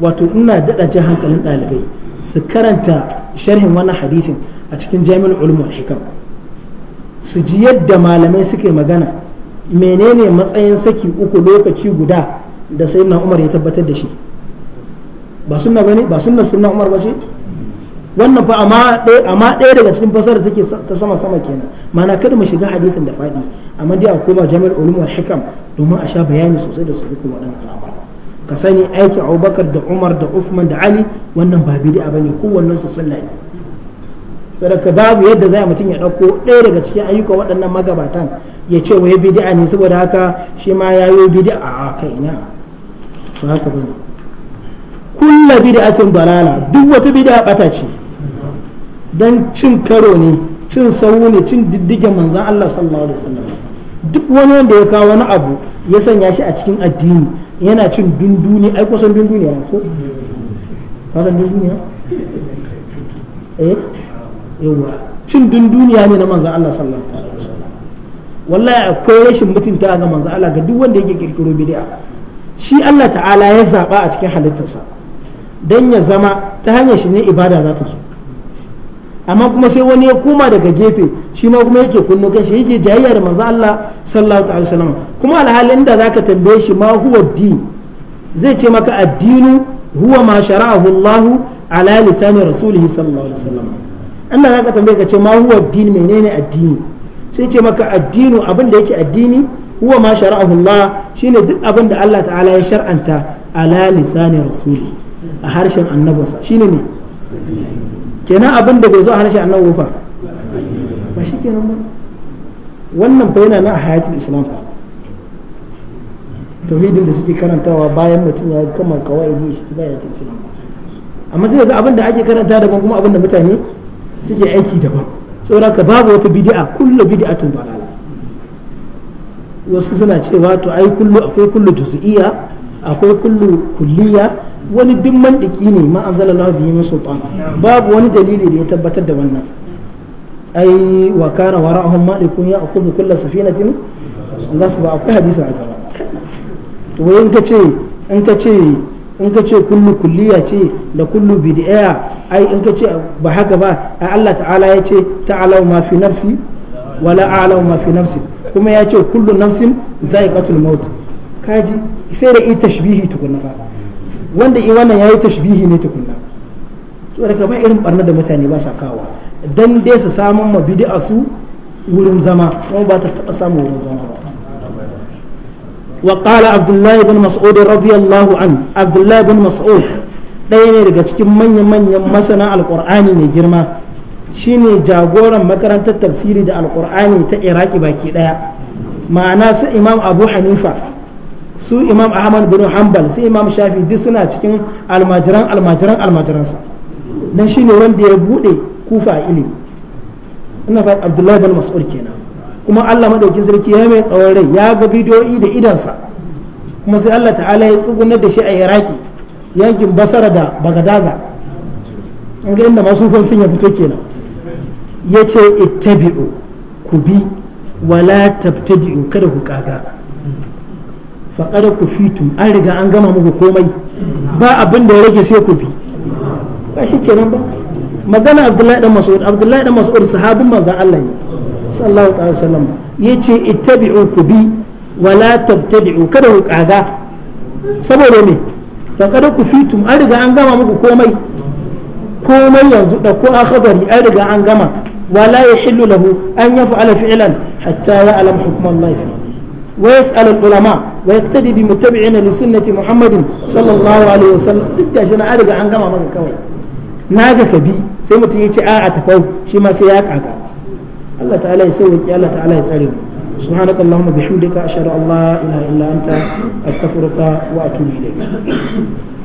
wato ina dada ji hankalin dalibai su karanta sharhin wannan hadisin a cikin jami'ul ulum wal hikam su ji yadda malamai suke magana menene matsayin saki uku lokaci guda da sayyidina umar ya tabbatar da shi ba sunna bane ba sunna sunna Umar ba ce wannan fa amma ɗaya amma daga cikin fasara take ta sama sama kenan mana kada mu shiga hadisin da faɗi amma dai a koma jami'ar ulum wal hikam domin a sha bayani sosai da sosai kuma waɗannan al'amar ka sani aiki Abubakar da Umar da usman da Ali wannan ba bid'a bane wannan su sunna ne saboda babu yadda za mutum ya ɗauko ɗaya daga cikin ayyuka waɗannan magabatan ya ce wa ya bid'a ne saboda haka shi ma ya yi bid'a a kai na ba haka bane kulla bid'atin dalala duk wata bid'a bata ce dan cin karo ne cin sawu ne cin diddigen manzon Allah sallallahu alaihi wasallam duk wani wanda ya kawo wani abu ya sanya shi a cikin addini yana cin dunduni ai kusan dunduniya ko kasan dunduniya eh yawa cin dunduniya ne na manzon Allah sallallahu alaihi wasallam wallahi akwai rashin mutunta ga manzon Allah ga duk wanda yake kirkiro bid'a shi Allah ta'ala ya zaba a cikin halittarsa don ya zama ta hanyar shi ne ibada za ta zo amma kuma sai wani ya koma daga gefe shi ma kuma yake kunno kan shi yake jayayya da manzo Allah sallallahu alaihi wasallam kuma alhalin da zaka tambaye shi ma huwa din zai ce maka addinu huwa ma shara'ahu Allah ala lisani rasulih sallallahu alaihi wasallam Allah zaka tambaye ka ce ma huwa din menene addini sai ce maka addinu abin da yake addini huwa ma shara'ahu Allah shine duk abin da Allah ta'ala ya shar'anta ala lisani rasulih a harshen annabinsa shi ne kenan abin da bai zo a harshen annabin fa ba shi kenan ba wannan bayyana yana nan a hayatul islam fa tauhidin da suke karantawa bayan mutum ya kama kawai ne shi ba ya islam amma sai yanzu abin da ake karanta daban kuma abin da mutane suke aiki daban saboda ka babu wata bid'a kullu bid'atun dalala wasu suna cewa to ai kullu akwai kullu juz'iyya akwai kullu kulliya wani duk mandiki ne ma anzalallahu bihi min sultan babu wani dalili da ya tabbatar da wannan ai wa kana wara'ahum malikun ya'khudhu kull safinatin gasba akwai hadisi a gaba to wai in ce in ka ce in ka ce kullu kulliya ce da kullu bid'a ai in ce ba haka ba ai Allah ta'ala ya ce ta'alau ma fi nafsi wala a'lau ma fi nafsi kuma ya ce kullu nafsin za'iqatul maut kaji sai da ita tashbihi tukunna ba wanda in wannan yayi tashbihi ne tukunna so da kamar irin barna da mutane ba sa kawa dan dai su samun ma bid'a su wurin zama kuma ba ta taba samun wurin zama ba wa qala abdullahi ibn mas'ud radiyallahu an abdullahi ibn mas'ud ɗaya ne daga cikin manyan manyan masana alkur'ani ne girma shine jagoran makarantar tafsiri da alkur'ani ta iraki baki ɗaya ma'ana su imam abu hanifa su imam ahmad bin hanbal su imam shafi duk suna cikin almajiran almajiran almajiransa dan shine wanda ya bude kufa a ilimi ina fa abdullahi bin mas'ud kenan kuma Allah madaukin sarki ya mai tsawon rai ya ga bidiyoyi da idansa kuma sai Allah ta'ala ya tsugunar da shi a iraki yankin basara da bagadaza in ga inda masu hukuncin ya fito kenan ya ce ittabi'u ku bi wala tabtadi'u kada ku kaga faqad kufitum an riga an gama muku komai ba abin da ya rage sai ku bi ba shi kenan ba magana abdullahi dan mas'ud abdullahi dan mas'ud sahabin manzon Allah ne sallallahu alaihi wasallam yace ittabi'u ku bi wala tabtadi'u kada ku kaga saboda me faqad kufitum an riga an gama muku komai komai yanzu da ko akhadari an riga an gama wala yahillu lahu an yaf'ala fi'lan hatta ya'lam hukman Allah ويسأل العلماء ويقتدي بمتبعين لسنة محمد صلى الله عليه وسلم duk da shi na ariga riga an gama maka kawai na ga ka bi sai mutum ya ce a a tafau shi ma sai ya kaka Allah ta'ala ya sauki Allah ta'ala ya tsare mu سبحانك اللهم بحمدك أشهد أن لا إله إلا أنت أستغفرك وأتوب إليك